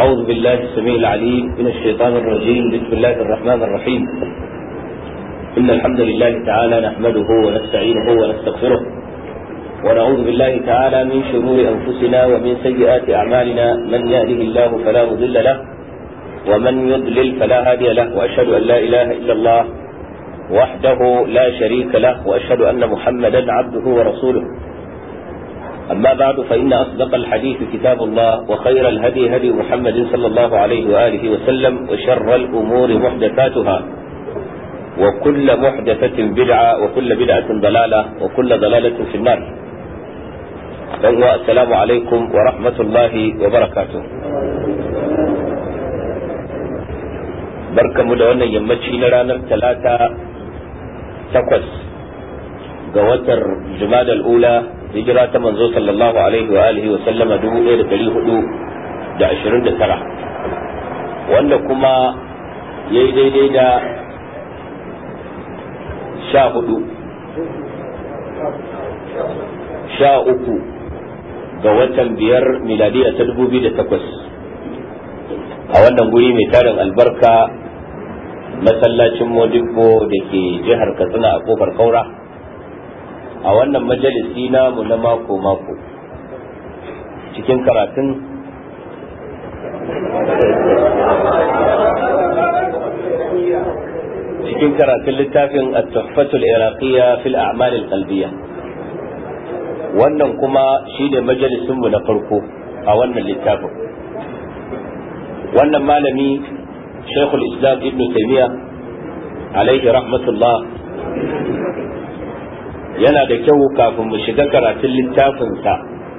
أعوذ بالله السميع العليم من الشيطان الرجيم بسم الله الرحمن الرحيم إن الحمد لله تعالى نحمده ونستعينه ونستغفره ونعوذ بالله تعالى من شرور أنفسنا ومن سيئات أعمالنا من يهده الله فلا مضل له ومن يضلل فلا هادي له وأشهد أن لا إله إلا الله وحده لا شريك له وأشهد أن محمدا عبده ورسوله أما بعد فإن أصدق الحديث كتاب الله وخير الهدي هدي محمد صلى الله عليه وآله وسلم وشر الأمور محدثاتها وكل محدثة بدعة وكل بدعة ضلالة وكل ضلالة في النار السلام عليكم ورحمة الله وبركاته بركم da wannan رانا ثلاثة تقص talata جمال الأولى hijira ta manzo sallallahu alaihi wa alihi wa sallama dubu 1429 wanda kuma yayi daidai da 14 sha uku ga watan biyar miladiya ta dubu biyu da takwas a wannan guri mai tarin albarka masallacin modibbo da ke jihar katsina a kofar kaura a wannan majalisi namu na mako-mako cikin karatun cikin karatun littafin at-tuhfatul iraqiyya fil a'mal al-qalbiyya wannan kuma shine majalisin mu na farko a wannan littafin wannan malami Sheikhul Islam Ibn Taymiyyah alaihi rahmatullah yana da kyau kafin mu shiga karatun littafinsa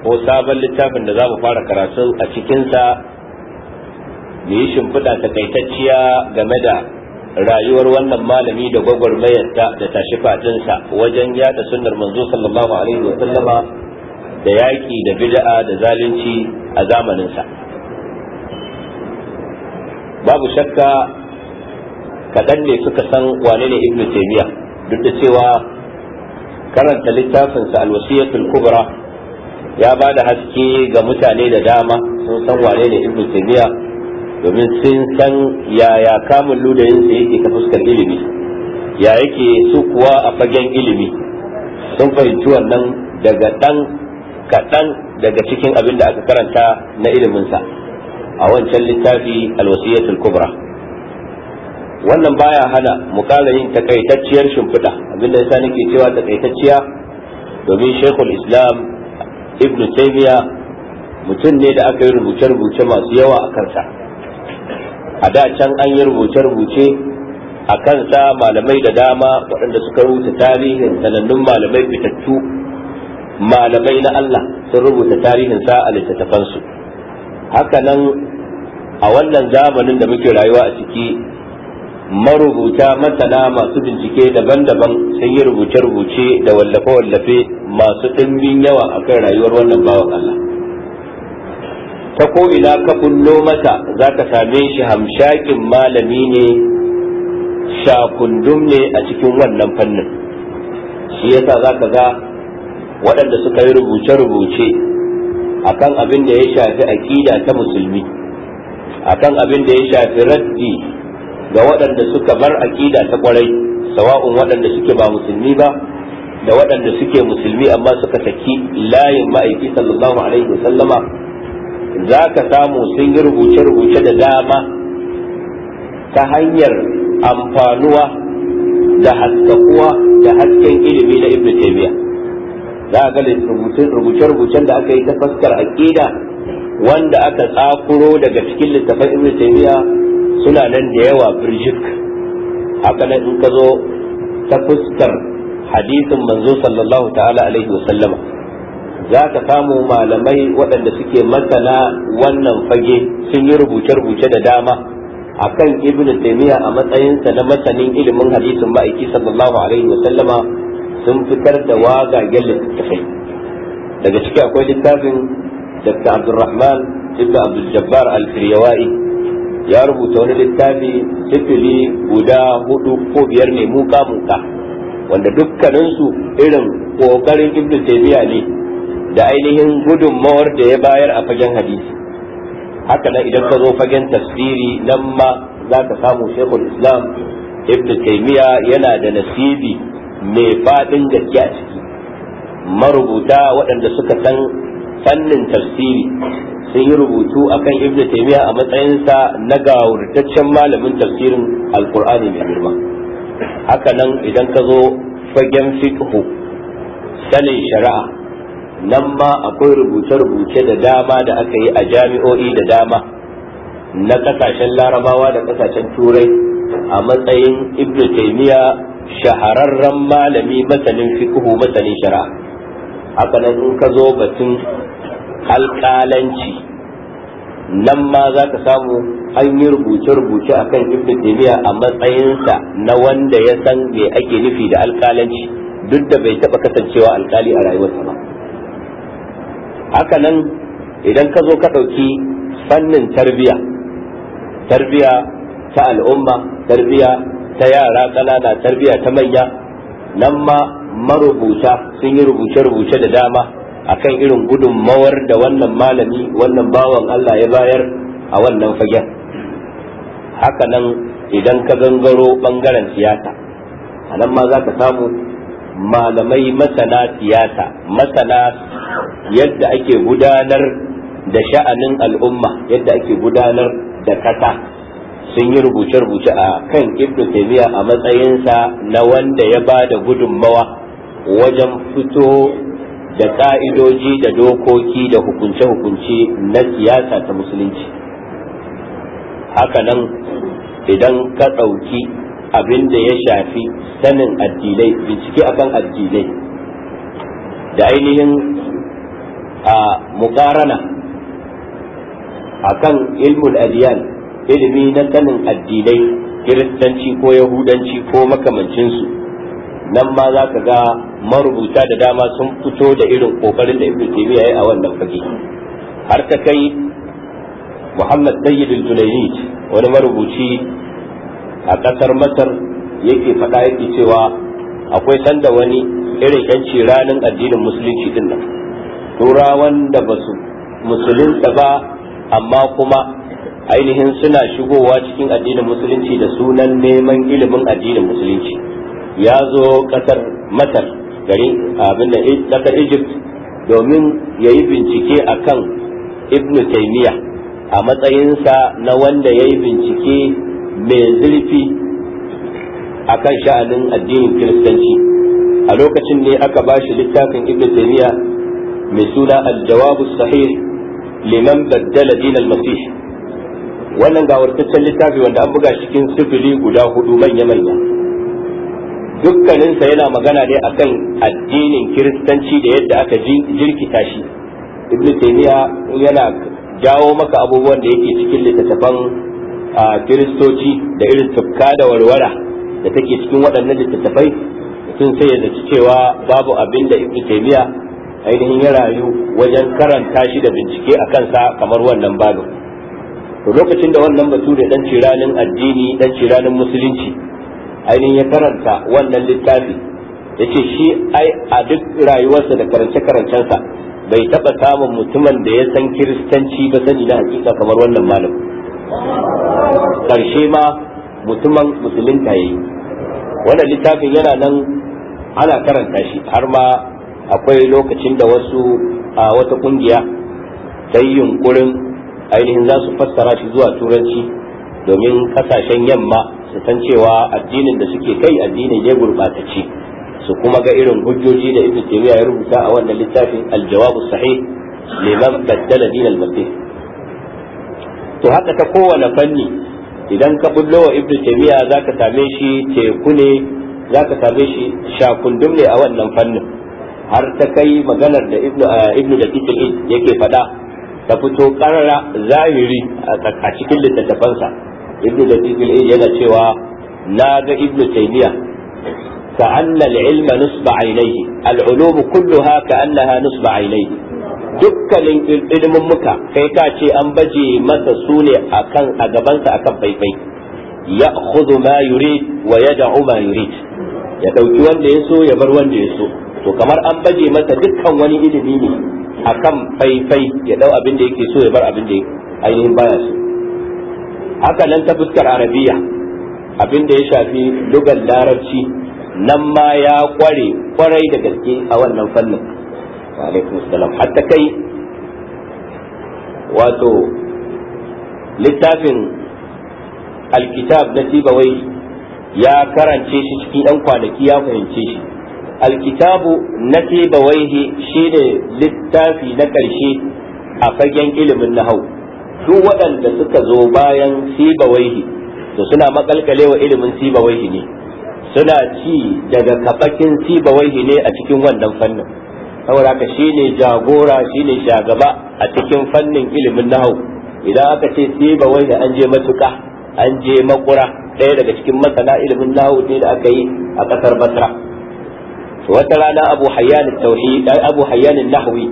ko sabon littafin da za mu fara karatu a cikinsa mu yi shimfiɗa takaitacciya game da rayuwar wannan malami da gwagwarmayarta da tashi fatinsa wajen yada sunnar manzo sallallahu alaihi wa sallama da yaƙi da bid'a da zalunci a zamaninsa babu shakka kaɗan ne suka san wane ne ibnu taymiya duk da cewa karanta littafinsa alwasiyatul kubra ya ba da haske ga mutane da dama sun san wane ne ibn tabiya domin sun san yaya kamun ludayinsa yake ta fuskar ilimi ya yake su kuwa a fagen ilimi sun fahimci wannan daga ɗan kaɗan daga cikin abin da aka karanta na iliminsa a wancan littafi alwasiyatul kubra wannan baya hana mu yin takaitacciyar shimfiɗa abinda Sani nake cewa takaitacciya domin shekul islam ibn taymiya mutum ne da aka yi rubuce-rubuce masu yawa a kansa a da can an yi rubuce-rubuce a kansa malamai da dama waɗanda suka rubuta tarihin sanannun malamai fitattu malamai na Allah sun rubuta tarihin tarihinsa a littattafansu nan, a wannan zamanin da muke rayuwa a ciki marubuta masana masu bincike daban-daban sun yi rubuce-rubuce da wallafe-wallafe masu ɗimbin yawa a kan rayuwar wannan bawan Allah ta ko ina ka kullo mata za ka same shi hamshakin malami ne shakundum ne a cikin wannan fannin shi yasa za ka ga waɗanda suka yi rubuce-rubuce a kan abin da ya shafi aƙida ta musulmi akan abin da ya shafi raddi ga waɗanda suka bar aƙida ta ƙwarai, sawa'un waɗanda suke ba musulmi ba da waɗanda suke musulmi amma suka saki layin ma'aiki sallallahu alaihi wasallama za ka samu sun yi rubuce-rubuce da dama ta hanyar amfanuwa da haskakuwa da hasken ilimi na ibn taymiya za ga rubuce-rubucen da aka yi ta fuskar aƙida wanda aka tsakuro daga cikin littafin ibn taymiya suna nan da yawa birjik haka nan in ka zo ta fuskar hadisin manzo sallallahu ta'ala alaihi wa sallama za ka samu malamai waɗanda suke masana wannan fage sun yi rubuce-rubuce da dama akan ibnu taymiya a matsayinsa na masanin ilimin hadisin ma'aiki sallallahu alaihi wa sallama sun fitar da wagagen littattafai daga ciki akwai littafin dr abdulrahman ibnu abdul jabbar al-firyawai ya rubuta wani littafi sifili guda hudu ko biyar ne muka muka wanda dukkaninsu irin kokarin ibn taymiya ne da ainihin gudunmawar da ya bayar a fagen hadisi haka nan idan ka zo fagen tafsiri nan ma za ka samu shekul islam ibn taymiya yana da nasibi mai faɗin gaske a ciki marubuta waɗanda suka san fannin tafsiri sun yi rubutu akan ibnu taymiya a matsayinsa na gawurtaccen malamin tafsirin alqur'ani mai girma haka nan idan ka zo fagen fiqhu sanin shari'a nan ma akwai rubuce-rubuce da dama da aka yi a jami'o'i da dama na kasashen larabawa da kasashen turai a matsayin ibnu taymiya shahararren malami masanin fiqhu masanin shari'a hakanan nan in ka zo batun alƙalanci nan ma za ka samu an yi rubuce-rubuce a kan ibn taymiya a matsayinsa na wanda ya san me ake nufi da alƙalanci duk da bai taɓa kasancewa alƙali a rayuwarsa ba haka nan idan ka zo ka ɗauki fannin tarbiyya, tarbiyya ta al'umma tarbiyya ta yara ƙanana tarbiyya ta manya nan ma marubuta sun yi rubuce-rubuce da dama akan irin mawar da wannan malami wannan bawan Allah ya bayar a wannan fagen nan idan ka gangaro bangaren siyasa a nan ma za ka samu malamai masana siyasa masana yadda ake gudanar da sha'anin al'umma yadda ake gudanar da kasa sun yi rubuce-rubuce a kan ibnu taimiyya a matsayinsa na wanda ya ba da gudunmawa wajen fito da ka'idoji da dokoki da hukunce-hukunce na siyasa ta musulunci haka nan idan ka ɗauki abin da ya shafi sanin addinai bincike akan addinai da ainihin a mukarana akan ilmul adiyan ilimi na sanin addinai kiristanci ko yahudanci ko makamancinsu nan ma za ka ga marubuta da dama sun fito da irin kokarin da ibnu taymiya yayi a wannan fage har ta kai muhammad sayyid al-julaini wani marubuci a kasar masar yake faɗa yake cewa akwai sanda wani irin yanci ranin addinin musulunci din nan turawan da ba su musulunta ba amma kuma ainihin suna shigowa cikin addinin musulunci da sunan neman ilimin addinin musulunci ya zo kasar masar garin abin da daga egypt domin ya yi bincike a kan ibn taimiyya a matsayinsa na wanda ya yi bincike mai zurfi a kan sha'anin addinin kiristanci a lokacin ne aka ba shi littafin ibn taimiyya mai suna aljawabu sahih liman baddala al masih wannan gawartaccen littafi wanda an buga cikin sifili guda hudu manya-manya dukkaninsa yana magana ne akan addinin kiristanci da yadda aka jirkita shi ibn taymiya yana jawo maka abubuwan da yake cikin littattafan kiristoci da irin tukka da warwara da take cikin waɗannan littattafai mutum sai ya zaci cewa babu abin da ibn taymiya ainihin ya rayu wajen karanta shi da bincike a kansa kamar wannan babin lokacin da wannan batu da dan ciranin addini dan ciranin musulunci ainihin ya karanta wannan littafi ce shi ai a duk rayuwarsa da karance-karancensa bai taɓa samun mutumin da ya san kiristanci ba sani na hakika kamar wannan malam Karshe ma mutumin musulun ya yi wannan littafin yana nan ana karanta shi har ma akwai lokacin da wasu a wata kungiya ta yi yunkurin ainihin za su fassara shi zuwa turanci domin kasashen yamma su san cewa addinin da suke kai addinin ya gurbatacce su kuma ga irin hujjoji da ibnu taymiya ya rubuta a wannan littafin al-jawab sahih liman baddala din al to haka ta kowane fanni idan ka bullo wa ibnu taymiya zaka same shi teku ne zaka same shi shakundum ne a wannan fannin har ta kai maganar da ibnu da yake faɗa ta fito karara zahiri a cikin littattafansa ibnu daqiq al-ayn yana cewa na ga ibnu taymiya ka anna al-ilma nusba aynayhi al-ulum kulluha ka annaha nusba aynayhi dukkanin ilimin muka kai ka ce an baje masa su ne akan a gabansa akan faifai ya khudu ma yurid wa yad'u ma yurid ya dauki wanda ya so ya bar wanda ya so to kamar an baje masa dukkan wani ilimi ne akan faifai ya so ya bar abin baya so haka nan ta fuskar arabiya abin da ya shafi lugar larabci nan ma ya kware kwarai da gaske a wannan fannin alaikum salam hatta kai wato littafin alkitab na tibawai ya karance shi cikin ɗan kwanaki ya fahimce shi alkitabu na tibawai shi ne littafi na ƙarshe a fagen ilimin nahau duk waɗanda suka zo bayan sibawaihi to suna makalkale wa ilimin sibawaihi ne suna ci daga kabakin sibawaihi ne a cikin wannan fannin saboda haka shine jagora shine shagaba a cikin fannin ilimin nahau idan aka ce sibawaihi an je matuka an je makura ɗaya daga cikin masana ilimin nahau ne da aka yi a ƙasar basra wata rana abu hayyan tauhid abu hayyan nahwi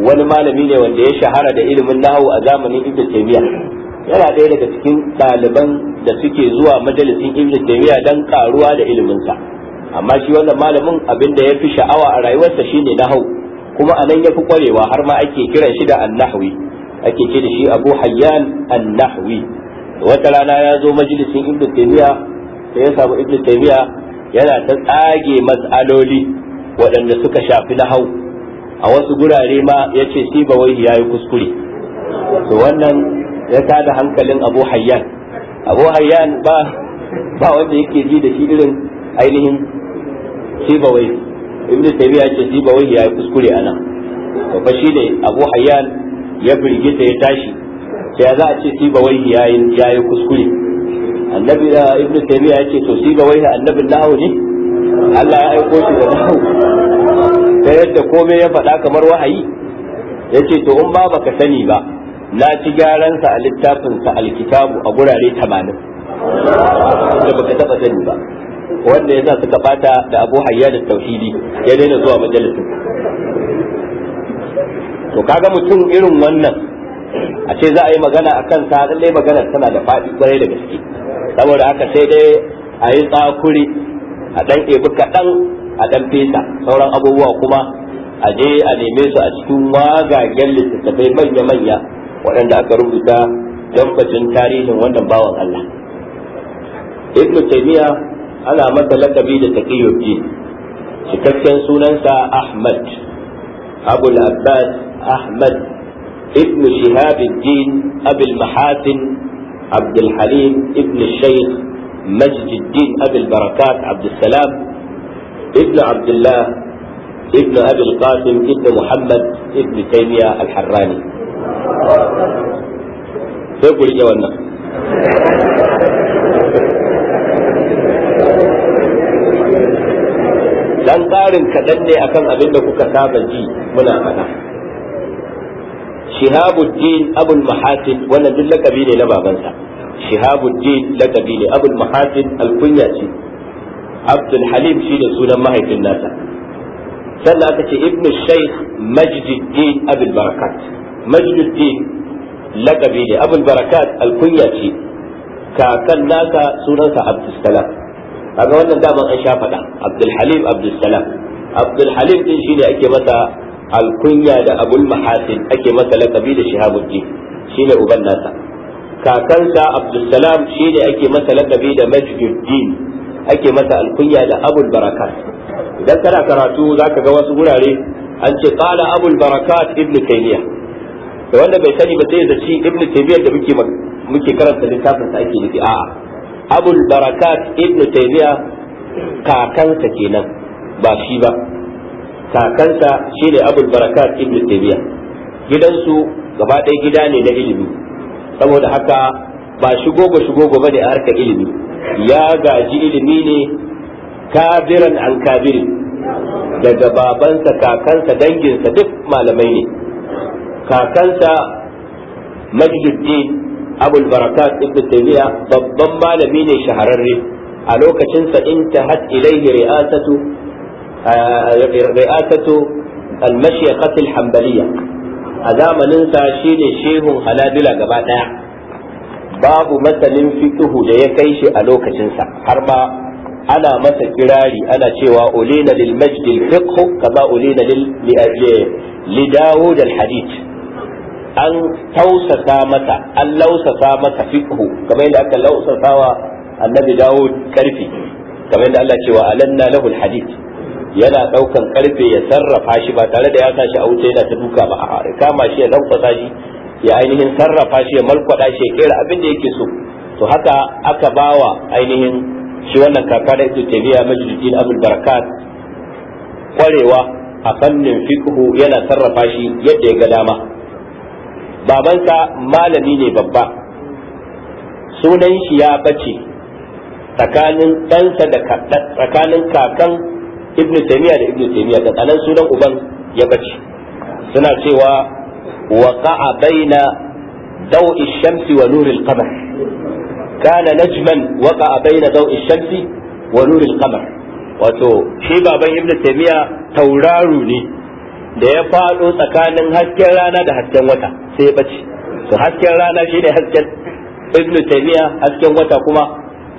wani malami ne wanda ya shahara da ilimin nahawu a zamanin ibn Taymiyyah yana ɗaya daga cikin ɗaliban da suke zuwa majalisin ibn Taymiyyah dan karuwa da iliminsa. amma shi wannan malamin abin da ya fi sha'awa a rayuwarsa shine nahawu kuma a nan ya fi kwarewa har ma ake kiran shi da annahwi ake ce da shi abu hayyan annahwi wata rana ya zo majalisin ibn Taymiyyah sai ya samu ibn Taymiyyah yana ta tsage mas'aloli waɗanda suka shafi nahau a wasu gurare ma ya ce ba wai ya yi kuskure to wannan ya tada hankalin abu hayyan abu hayyan ba ba wanda yake ji da shi irin ainihin ba sibawai ibn ya ce ba wai ya yi kuskure ana. to fa shi ne abu hayyan ya firgita ya tashi sai za a ce ba wai ya yi kuskure annabi eh, ibn taymiya ya ce to wai annabin nahawu ne Allah ya aiko shi da nahawu ta yadda komai ya faɗa kamar wahayi ya ce to in ba baka sani ba na ci gyaransa a littafinsa alkitabu a gurare tamanin da baka taɓa sani ba wanda yasa suka bata da abu hayya da tauhidi ya daina zuwa majalisin to kaga mutum irin wannan a ce za a yi magana a sa lallai magana tana da faɗi kwarai da gaske saboda haka sai dai a yi tsakuri a dan ebi kaɗan a dan fesa sauran abubuwa kuma a je a neme su a cikin wagagen littattafai manya-manya waɗanda aka rubuta tambacin tarihin wannan bawan Allah ibnu taymiya ana mata lakabi da taqiyuddin cikakken sunansa ahmad abul abbas ahmad ibnu din abul mahatin abdul halim ibnu shaykh din abul barakat abdul salam ابن عبد الله ابن أبي القاسم ابن محمد ابن تيمية الحراني سيقول إيه وانا dan ƙarin kaɗan ne akan abin da kuka saba ji muna faɗa shihabuddin abul mahatin wannan duk lakabi ne na babansa shihabuddin lakabi ne abul mahatin alkunya ce abdul halim shi da sunan mahaifin nasa sannan aka ce ibn shaykh majduddin abul barakat majduddin laqabi ne abul barakat alkunya ce kakan nasa sunansa abdul salam kaga wannan daman an sha faɗa abdul halim abdul salam abdul halim din shi ne ake masa alkunya da abul mahasin ake masa laqabi da shihabuddin shi ne uban nasa kakansa abdul salam shi ne ake masa laqabi da majduddin ake masa alkunya da abul barakat idan kana karatu zaka ga wasu gurare an ce qala abul barakat ibnu taymiya da wanda bai sani ba sai zaci ibnu taymiya da muke muke karanta littafin sa ake nufi a'a abul barakat ibnu taymiya kakansa kenan ba shi ba kakansa shine abul barakat ibnu taymiya gidansu gaba ɗaya gida ne na ilimi saboda haka ba shigogo shigogo bane a harkar ilimi ya gaji ilimi ne kabiran an kabiri daga babansa kakansa danginsa duk malamai ne kakansa majduddin abulbarakat barakat ibn taymiya babban malami ne shahararre a lokacinsa inta had ilai ri'asatu eh, ri'asatu al-mashiyaqah al-hanbaliyah a zamanin sa shine shehun halabila gaba daya babu masanin fiqhu da ya kai shi a lokacinsa har ma ana masa kirari ana cewa ulina lil majd al kama ulina lil li dawud al hadith an tausasa mata an lausasa mata fiqhu kamar yadda aka wa annabi dawud karfi kamar yadda Allah cewa alanna lahu al hadith yana daukan karfe ya sarrafa shi ba tare da ya sa shi a wuce yana ta duka ba a kama shi ya lankwasa shi ya ainihin sarrafa shi ya malkwada shi ya kera abin da yake so to haka aka bawa ainihin shi wannan kaka da ita taymiya majalisun abul barakat kwarewa a fannin fikhu yana sarrafa shi yadda ya ga dama babansa malami ne babba sunan shi ya bace tsakanin ɗansa da tsakanin kakan ibnu taymiya da ibnu taymiya da sunan uban ya bace suna cewa وقع بين ضوء الشمس ونور القمر كان نجما وقع بين ضوء الشمس ونور القمر wato shi baban ibn taymiya tauraro ne da ya faɗo tsakanin hasken rana da hasken wata sai ya bace to hasken rana shine hasken ibn taymiya hasken wata kuma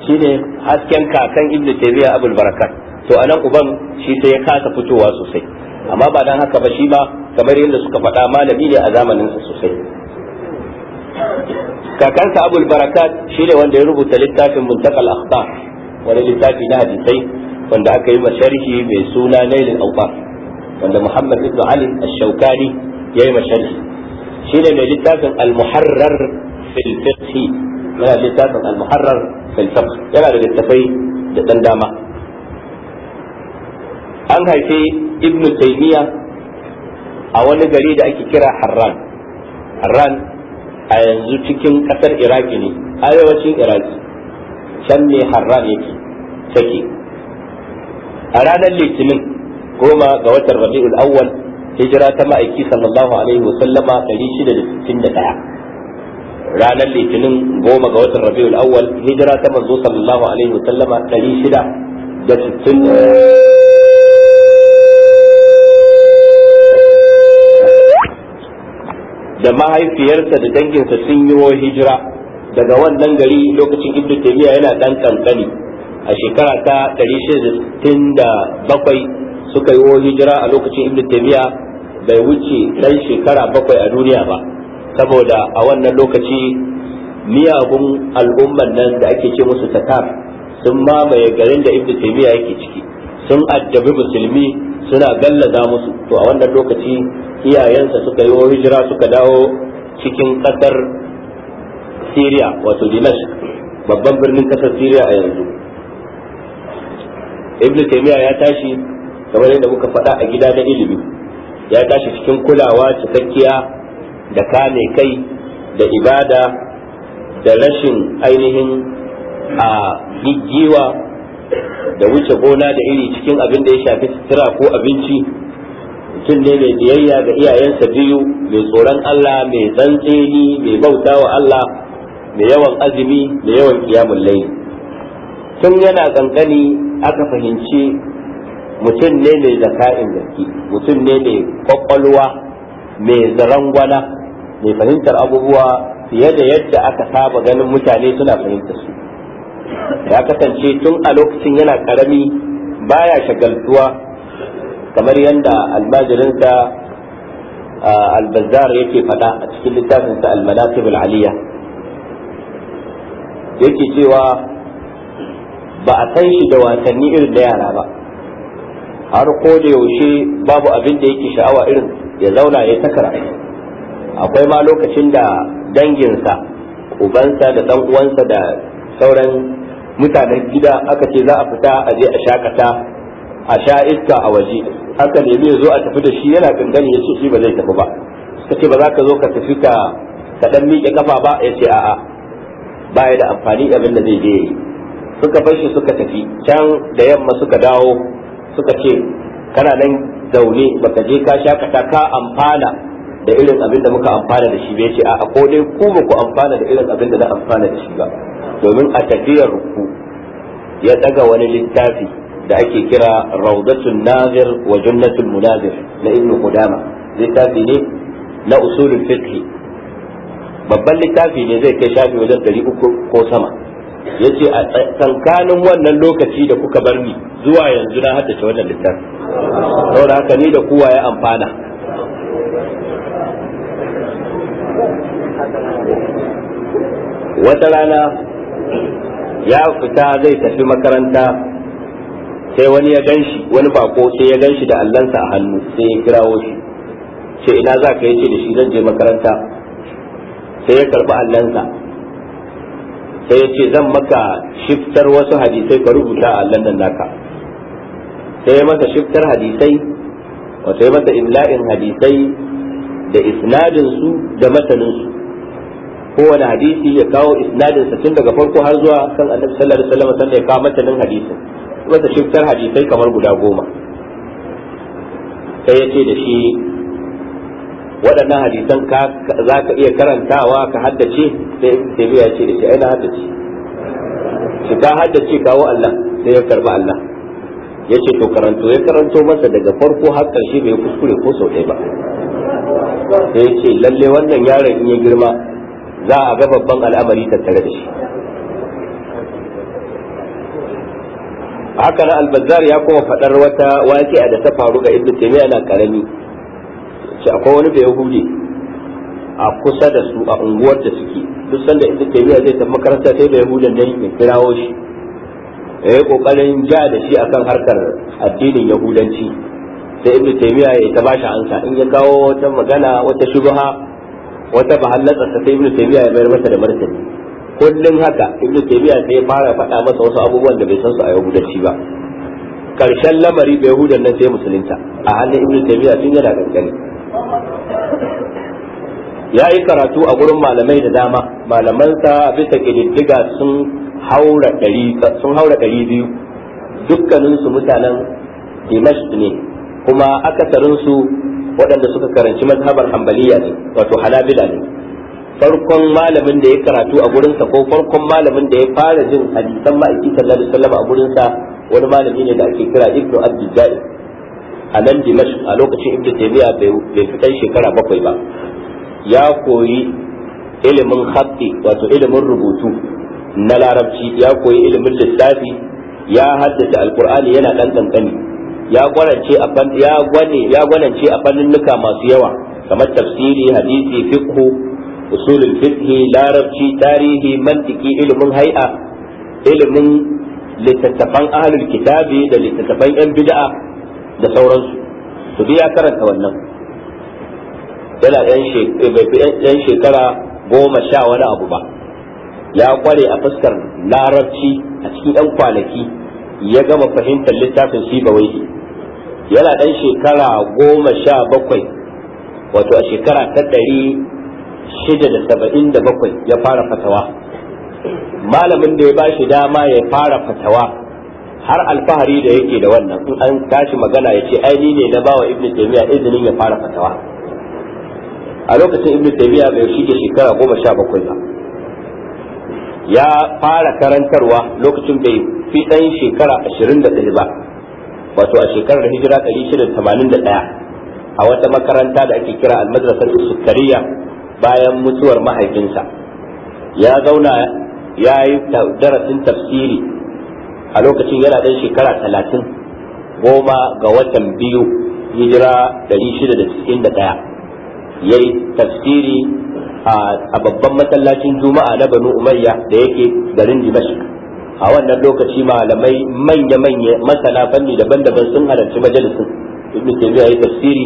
shine hasken kakan ibn taymiya abul barakat to anan uban shi sai ya kasa fitowa sosai amma ba dan haka ba shi ba kamar yadda suka faɗa malami ne a zamanin sa sosai kakansa abul barakat shi ne wanda ya rubuta littafin muntakal akhbar wani littafi na hadisai wanda aka yi masharhi mai suna lailin awqaf wanda muhammad ibn ali ash-shawkani ya yi sharhi shi ne mai littafin al-muharrar fil fiqh yana littafin al-muharrar fil fiqh yana da littafai da dan dama an haife ibnu taymiya a wani gari da ake kira harran harran a yanzu cikin kasar iraki ne arewacin iraki can ne harran yake take a ranar litinin goma ga watan rabi'ul awwal hijira ta ma'aiki sallallahu alaihi wasallama 661 ranar litinin goma ga watan rabi'ul awwal hijira ta manzo sallallahu alaihi wasallama 660 da mahaifiyarsa da danginsa sun yi wa hijira daga wannan gari lokacin ibnu taymiya yana dan kankani a shekara ta 667 suka yi wa hijira a lokacin ibnu taymiya bai wuce dan shekara bakwai a duniya ba saboda a wannan lokaci miyagun al'umman nan da ake ce musu tatar sun mamaye garin da ibnu taymiya yake ciki sun addabi musulmi suna gallaza musu to a wannan lokaci iyayensa suka yi hijira suka dawo cikin ƙasar Syria wato Dimashq babban birnin ƙasar Syria a yanzu Ibn Taymiyyah ya tashi kamar yadda muka faɗa a gida na ilimi ya tashi cikin kulawa cikakkiya da kame kai da ibada da rashin ainihin a giggiwa da wuce gona da iri cikin abin da ya shafi sutura ko abinci mutum ne mai biyayya ga iyayensa biyu mai tsoron Allah mai tsantseni mai bauta wa Allah mai yawan azumi mai yawan kiyamun lai tun yana kankani aka fahimci mutum ne mai zaka'in zaki mutum ne mai kwakwalwa mai zarangwana mai fahimtar abubuwa fiye da yadda aka saba ganin mutane suna fahimtar su ya kasance tun a lokacin yana karami baya shagaltuwa kamar yadda almajirinsa albazar yake faɗa a cikin littafinsa almanasib al'aliya yake cewa ba a san shi da wasanni irin da yara ba har ko da yaushe babu abin da yake sha'awa irin ya zauna ya takara akwai ma lokacin da danginsa ubansa da dan uwansa da sauran mutanen gida aka ce za a fita a je a shakata a sha iska a waje aka nemi ya zo a tafi da shi yana gangan ya ce shi ba zai tafi ba suka ce ba za ka zo ka tafi ka ka miƙe kafa ba ya ce a'a ba ya da amfani abin da zai je suka bar shi suka tafi can da yamma suka dawo suka ce kana nan zaune baka je ka shakata ka amfana da irin abin da muka amfana da shi bai ce a'a ko dai ku ba ku amfana da irin abin da na amfana da shi ba domin a tafiyar ku ya daga wani littafi da ake kira raudatun nazir wa jannatul munazir na ibn qudama littafi ne na usulul fiqh babban littafi ne zai kai shafi wajen 300 ko sama yace a tsankanin wannan lokaci da kuka bar ni zuwa yanzu na haddace wannan littafi saboda haka ni da kowa ya amfana wata rana ya fita zai tafi makaranta sai wani ya ganshi wani bako sai ya ganshi da allansa a hannu sai ya kirawo shi sai ina za ka yace da shi zan je makaranta sai ya karbi allansa sai ya ce zan maka shiftar wasu hadisai ka rubuta a allan nan naka sai ya masa shiftar hadisai wato ya masa imla'in hadisai da isnadin su da matanin kowane hadisi ya kawo isnadin sa tun daga farko har zuwa kan annabi sallallahu alaihi wasallam sannan ya kawo matanin hadisin ta shiftar hadisai kamar guda goma sai ya ce da shi waɗannan hadisan za ka iya karantawa ka haddace sai tabiya ce da eh, shi ai na haddace shi ka haddace kawo Allah sai ya karba Allah ya ce to karanto ya karanto masa daga farko har karshe bai kuskure ko sau ɗaya ba sai ya ce lalle wannan yaron in ya girma za a ga babban al'amari tattare da shi haka na albazar ya kuma faɗar wata wake da ta faru ga ibn taymiya na karami ce akwai wani da yahudi a kusa da su a unguwar da suke duk sanda ibn taymiya zai tafi makaranta sai da yahudan nan ya kirawo shi ya yi kokarin ja da shi akan harkar addinin yahudanci sai ibn taymiya ya ta bashi ansa in ya kawo wata magana wata shubha wata mahallarsa ta ibnu taymiya ya mayar masa da martani kullum haka ibnu taymiya sai fara faɗa masa wasu abubuwan da bai san su a yahudanci ba karshen lamari bai hudan nan sai musulunta a halin ibnu taymiya tun yana kankani ya yi karatu a gurin malamai da dama malamansa bisa kididdiga sun haura ɗari sun haura ɗari biyu dukkaninsu mutanen dimashq ne kuma akasarinsu waɗanda suka karanci mazhabar hanbaliya ne wato halabila ne farkon malamin da ya karatu a gurinsa ko farkon malamin da ya fara jin hadisan ma'aiki sallallahu alaihi wasallam a gurinsa wani malami ne da ake kira ibnu abdul a nan dimashq a lokacin ibnu taymiya bai fitan shekara bakwai ba ya koyi ilimin khatti wato ilimin rubutu na larabci ya koyi ilimin lissafi ya haddace alqur'ani yana dan kankani ya gwanance a fan ya ya a masu yawa kamar tafsiri hadisi fiqh usulul fiqh larabci tarihi mantiki ilimin hay'a ilimin littattafan ahlul kitabi da littattafan yan bid'a da sauransu to ya karanta wannan yana yan eh, shekara goma sha wani abu ba ya kware a fuskar larabci a cikin yan kwanaki ya gama fahimtar littafin sibawaihi yana dan shekara goma sha bakwai wato a shekara ta ɗari shida da saba'in da bakwai ya fara fatawa malamin da ya ba shi dama ya fara fatawa har alfahari da yake da wannan in an tashi magana ya ce aini ne na bawa ibn taymiya izinin ya fara fatawa a lokacin ibn taymiya bai shige shekara goma sha bakwai ba ya fara karantarwa lokacin bai fi ɗan shekara 21 ba wato a shekarar hijira 681 a wata makaranta da ake kira almadrasar sukariya bayan mutuwar mahaifinsa ya zauna ya yi darasin tafsiri a lokacin yana ɗan shekara 30 goma ga watan biyu hijira 691 ya yi tafsiri a babban masallacin juma'a na banu umayya da yake garin dimashq a wannan lokaci malamai manya-manya masana fanni daban-daban sun halarci majalisin ibn ya yayi tafsiri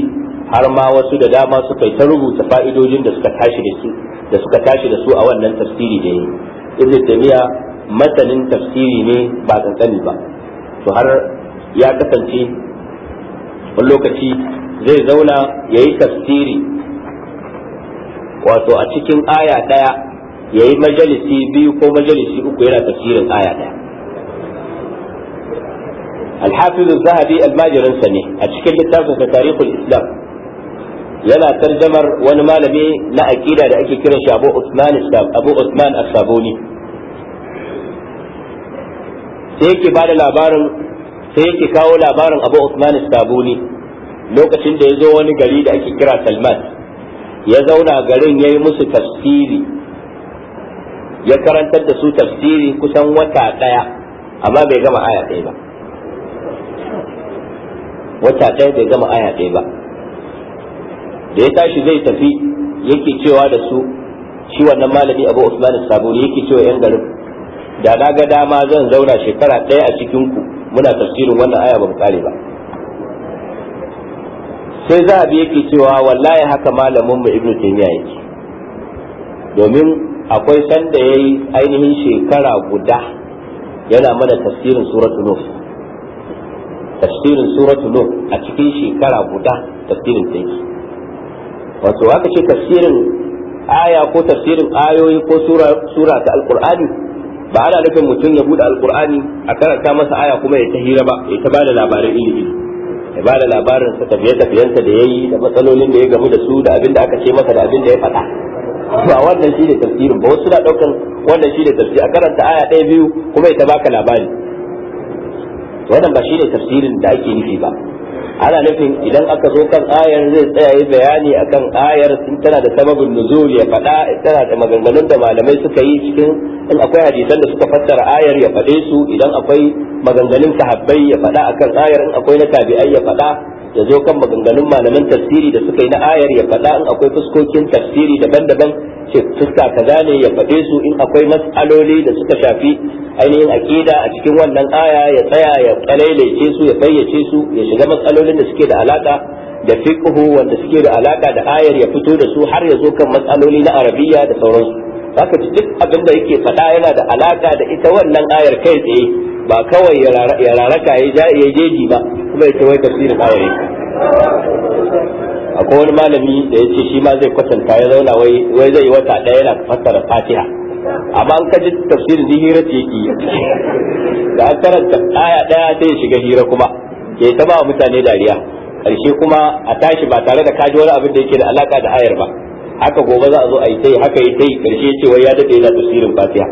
har ma wasu da dama suka yi ta rubuta fa'idojin da suka tashi da su da suka tashi da su a wannan tafsiri da yayi ibn taymiya masanin tafsiri ne ba kankani ba to har ya kasance wani lokaci zai zauna yayi tafsiri wato a cikin aya ɗaya ya yi majalisi biyu ko majalisi uku yana tafsirin aya ɗaya الحافظ الذهبي الماجر a cikin للتابع تاريخ الإسلام يلا ترجمر ونما لمي لا أكيد لا أكيد كرش أبو عثمان أبو عثمان الصابوني sai yake bada kawo labarin abu Usman Sabuni lokacin da ya zo wani gari da ake kira Salman ya zauna garin ya yi musu tafsiri ya karantar da su tafsiri kusan wata ɗaya amma bai gama aya ɗaya ba wata ɗaya bai gama aya ɗaya ba da ya tashi zai tafi yake cewa da su shi wannan malami abu usman saburi yake cewa yan garin da na ga dama zan zauna shekara ɗaya a cikin ku muna tafsirin wannan aya ba mu kare ba sai za a bi yake cewa wallahi haka malamin mu ibnu taymiya yake domin akwai sanda yayi ainihin shekara guda yana mana tafsirin suratul nur tafsirin suratul nur a cikin shekara guda tafsirin ta yake wato aka ce tafsirin aya ko tafsirin ayoyi ko sura sura ta alqur'ani ba ana nufin mutum ya bude alqur'ani a karanta masa aya kuma ya ta hira ba ya ta bada labarin ilimi ya ba da labarin sa tafiye-tafiyensa da ya yi da matsalolin da ya gamu da su da abin da aka ce masa da abin da ya faɗa ba wannan shi ne tafsirin ba wasu na daukan wannan shi ne tafsiri a karanta aya ɗaya biyu kuma ita baka labari wannan ba shi ne tafsirin da ake nufi ba ana nufin idan aka zo kan ayar zai tsaya bayani akan ayar sun tana da sababin nuzul ya faɗa tana da maganganun da malamai suka yi cikin in akwai hadisan da suka fassara ayar ya faɗe su idan akwai maganganun sahabbai ya faɗa akan ayar in akwai na tabi'ai ya faɗa ya zo kan maganganun malaman tafsiri da suka yi na ayar ya faɗa in akwai fuskokin tafsiri daban-daban ce fuska kaza ne ya faɗe su in akwai mas'aloli da suka shafi ainihin aƙida a cikin wannan aya ya tsaya ya kalailaice su ya fayyace su ya shiga matsalolin da suke da alaka da fiqhu wanda suke da alaka da ayar ya fito da su har ya zo kan matsaloli na arabiya da sauransu haka duk abin da yake faɗa yana da alaka da ita wannan ayar kai tsaye ba kawai ya raraka ya jeji ba kuma ya tawai wai tafsirin ayar akwai wani malami da ya ce shi ma zai kwatanta ya zauna wai zai wata ɗaya yana fassara fatiha amma an kaji tafsirin ji hira ce yake da an karanta aya ɗaya sai shiga hira kuma ke ta ba mutane dariya karshe kuma a tashi ba tare da kaji wani abin da yake da alaka da ayar ba haka gobe za a zo a yi ya haka yi yi karshe ce wai ya dade yana tafsirin fatiha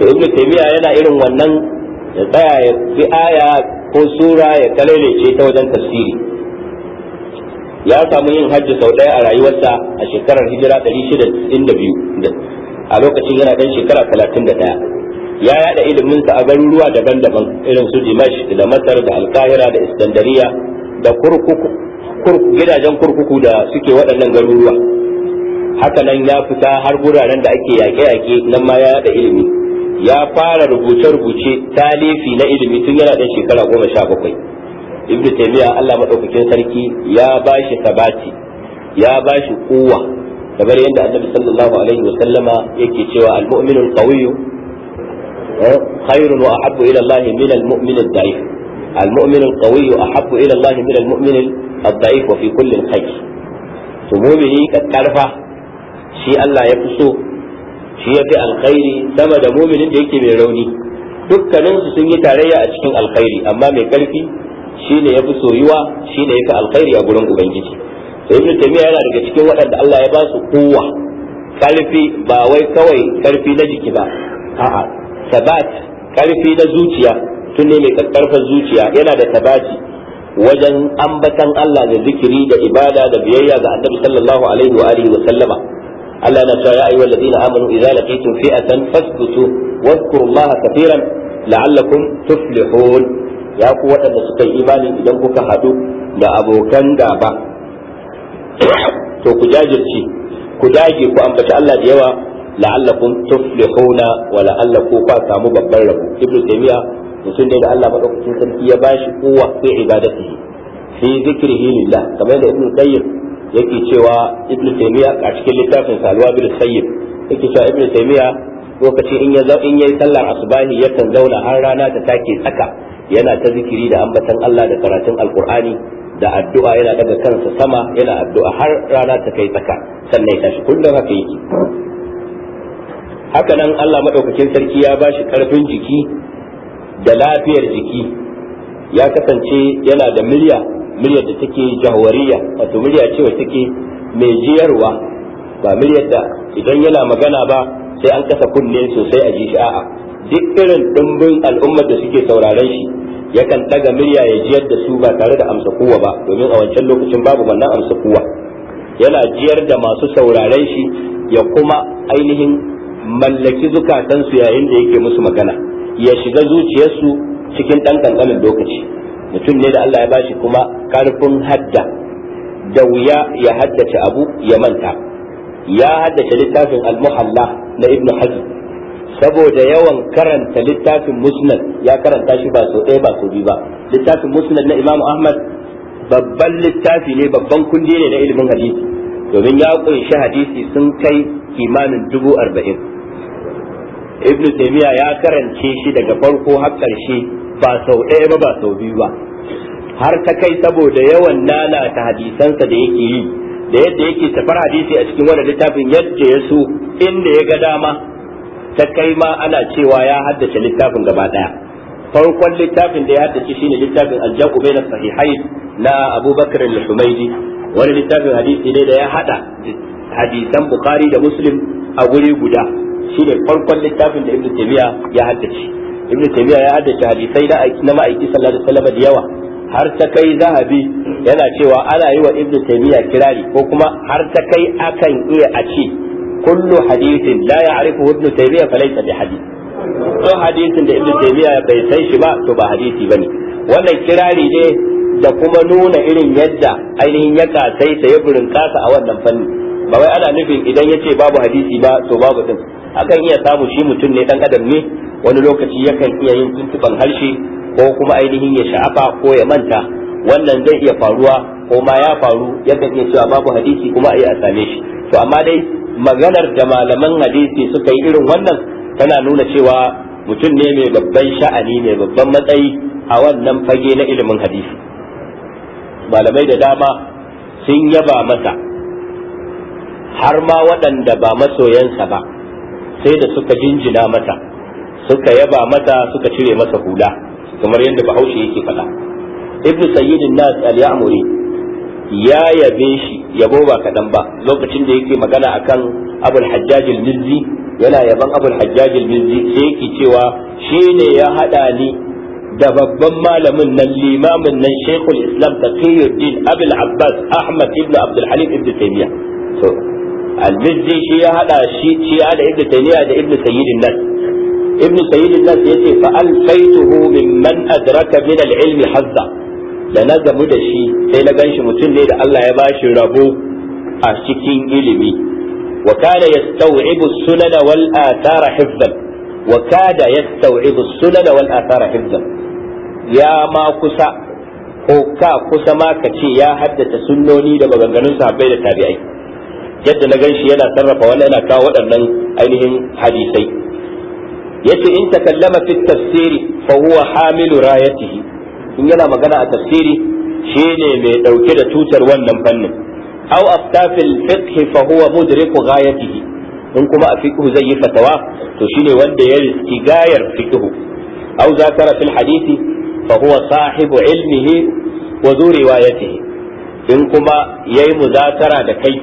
to ibnu taymiya yana irin wannan ya tsaya ya bi aya ko sura ya kalele ce ta wajen tafsiri ya samu yin hajji sau ɗaya a rayuwarsa a shekarar hijira biyu, a lokacin yana ɗan shekara 31 ya yada iliminsa a garuruwa daban-daban irin su dimash da masar da alkahira da iskandariya da gidajen kurkuku da suke waɗannan garuruwa haka nan ya fita har guraren da ake yaƙe-yaƙe nan ma ya yada ilimi ya fara rubuce-rubuce talifi na ilimi tun yana ɗan shekara goma sha bakwai ibnu taymiya Allah madaukakin sarki ya bashi sabati ya bashi kuwa kamar yadda annabi sallallahu alaihi wa sallama yake cewa al-mu'minu al-qawiyyu eh, khairun wa ahabbu ila Allah min al-mu'min ad-da'if al-mu'min al-qawiyyu ahabbu ila Allah min al-mu'min ad-da'if wa fi kulli khair to mu'mini kakkarfa shi Allah ya fi so shi ya fi alkhairi sama da mu'minin da yake mai rauni dukkaninsu sun yi tarayya a cikin alkhairi amma mai karfi shine yafi soyuwa shine yafi alkhairi a gurin ubangiji to ibnu taymiya yana daga cikin waɗanda Allah ya ba su kowa karfi ba wai kawai karfi na jiki ba a'a sabat karfi na zuciya tun ne mai karfin zuciya yana da sabati wajen ambatan Allah da zikiri da ibada da biyayya ga annabi sallallahu alaihi wa alihi wa sallama Allah na cewa ya ayyuhal ladina amanu idza laqitum fi'atan fasbutu wadhkurullaha katiran la'allakum tuflihun ya ku waɗanda suka yi imani idan kuka haɗu da abokan gaba to ku jajirce ku dage ku ambaci Allah da yawa la'allakum tuflihuna wa la'allakum fa samu babban rabo ibnu taymiya mutum da Allah madaukakin sarki ya bashi kowa fi ibadatihi fi zikrihi lillah kamar da ibnu qayyim yake cewa ibnu taymiya a cikin littafin salwa bil sayyid yake cewa ibnu taymiya lokaci in ya in yayi sallar asubahi yakan zauna har rana ta take tsaka yana ta zikiri da ambatan Allah da karatun alqur'ani da addu'a yana daga kansa sama yana addu'a har rana ta kai tsaka sannan ya tashi kullum haka yake haka nan Allah madaukakin sarki ya bashi karfin jiki da lafiyar jiki ya kasance yana da miliya miliyar da take jahwariya wato miliya ce wacce take mai jiyarwa ba miliyar da idan yana magana ba sai an kasa kunne sosai a ji a'a duk irin dumbin al'ummar da suke sauraron shi yakan daga murya ya jiyar da su ba tare da amsa kuwa ba domin a wancan lokacin babu wannan amsa kuwa yana jiyar da masu sauraron shi ya kuma ainihin mallaki zukatansu yayin da yake musu magana ya shiga zuciyarsu cikin ɗan kankanin lokaci mutum ne da Allah ya bashi kuma karfin hadda da wuya ya haddace abu ya manta ya haddace littafin al-muhalla na ibnu saboda yawan karanta littafin musnad ya karanta shi ba so ɗaya ba so biyu ba littafin musnad na imamu ahmad babban littafi ne babban kundi ne na ilimin hadisi domin ya kunshi hadisi sun kai kimanin dubu arba'in ibn taymiya ya karance shi daga farko har ƙarshe ba sau ɗaya ba ba sau biyu ba har ta kai saboda yawan lalata hadisansa da yake yi da yadda yake tafar hadisi a cikin wannan littafin yadda ya so inda ya ga dama ta kai ma ana cewa ya haddace littafin gaba daya farkon littafin da ya haddace shine littafin al-jam'u bayna sahihain na Abu Bakr al-Humaydi wani littafin hadisi ne da ya hada hadisan Bukhari da Muslim a guri guda shine farkon littafin da Ibn Taymiyyah ya haddace Ibn Taymiyyah ya haddace hadisai na ma'aiki sallallahu alaihi wasallam da yawa har ta kai zahabi yana cewa ana yi wa ibnu taymiya kirari ko kuma har ta kai akan iya a ce kullu hadithin la ya'rifu ibnu taymiya laysa bi hadith to hadithin da ibnu taymiya bai sai shi ba to ba hadisi bane wannan kirari ne da kuma nuna irin yadda ainihin ya kasai ya burin kasa a wannan fanni ba wai ana nufin idan ya ce babu hadisi ba to babu din akan iya samu shi mutum ne dan adam ne wani lokaci yakan iya yin tuntuban harshe ko kuma ainihin ya sha'afa ko ya manta wannan zai iya faruwa ko ma ya faru yakan iya cewa babu hadisi kuma a yi a same shi to amma dai maganar da malaman hadisi suka yi irin wannan tana nuna cewa mutum ne mai babban sha'ani mai babban matsayi a wannan fage na ilimin hadisi malamai da dama sun yaba masa har ma waɗanda ba masoyansa ba sai da suka jinjina mata suka yaba mata suka cire masa hula kamar yadda bahaushe yake faɗa ibn sayyidin nas al-ya'muri ya yabe shi yabo ba kadan ba lokacin da yake magana akan abul hajjaj al-mizzi yana yaban abul hajjaj al-mizzi sai yake cewa shine ya hada ni da babban malamin nan limamin nan shaykhul islam taqiyuddin abul abbas ahmad ibn abdul halim ibn so al-mizzi shi ya hada shi shi ya ibn da ibn sayyidin nas ibnu sayyid al yace fa alfaituhu mimman adraka min al-ilmi hazza da na gamu da shi sai na ganshi mutum ne da Allah ya bashi rabu a cikin ilimi wakada kana yastaw'ibu sunan wal athara hifzan wa ya ma kusa ko kusa ma ka ce ya haddata sunnoni da maganganun sahabbai da tabi'ai yadda na ganshi yana sarrafa wannan yana kawo waɗannan ainihin hadisai yace in takallama fi tafsiri fa huwa hamilu rayatihi in yana magana a tafsiri shine mai dauke da tutar wannan fannin aw aftafil fiqh fa huwa mudriku ghayatihi in kuma a fiqh zai yi fatawa to shine wanda ya riski gayar fiqh aw zakara fil hadisi fa huwa sahibu ilmihi wa zu riwayatihi in kuma yayi muzakara da kai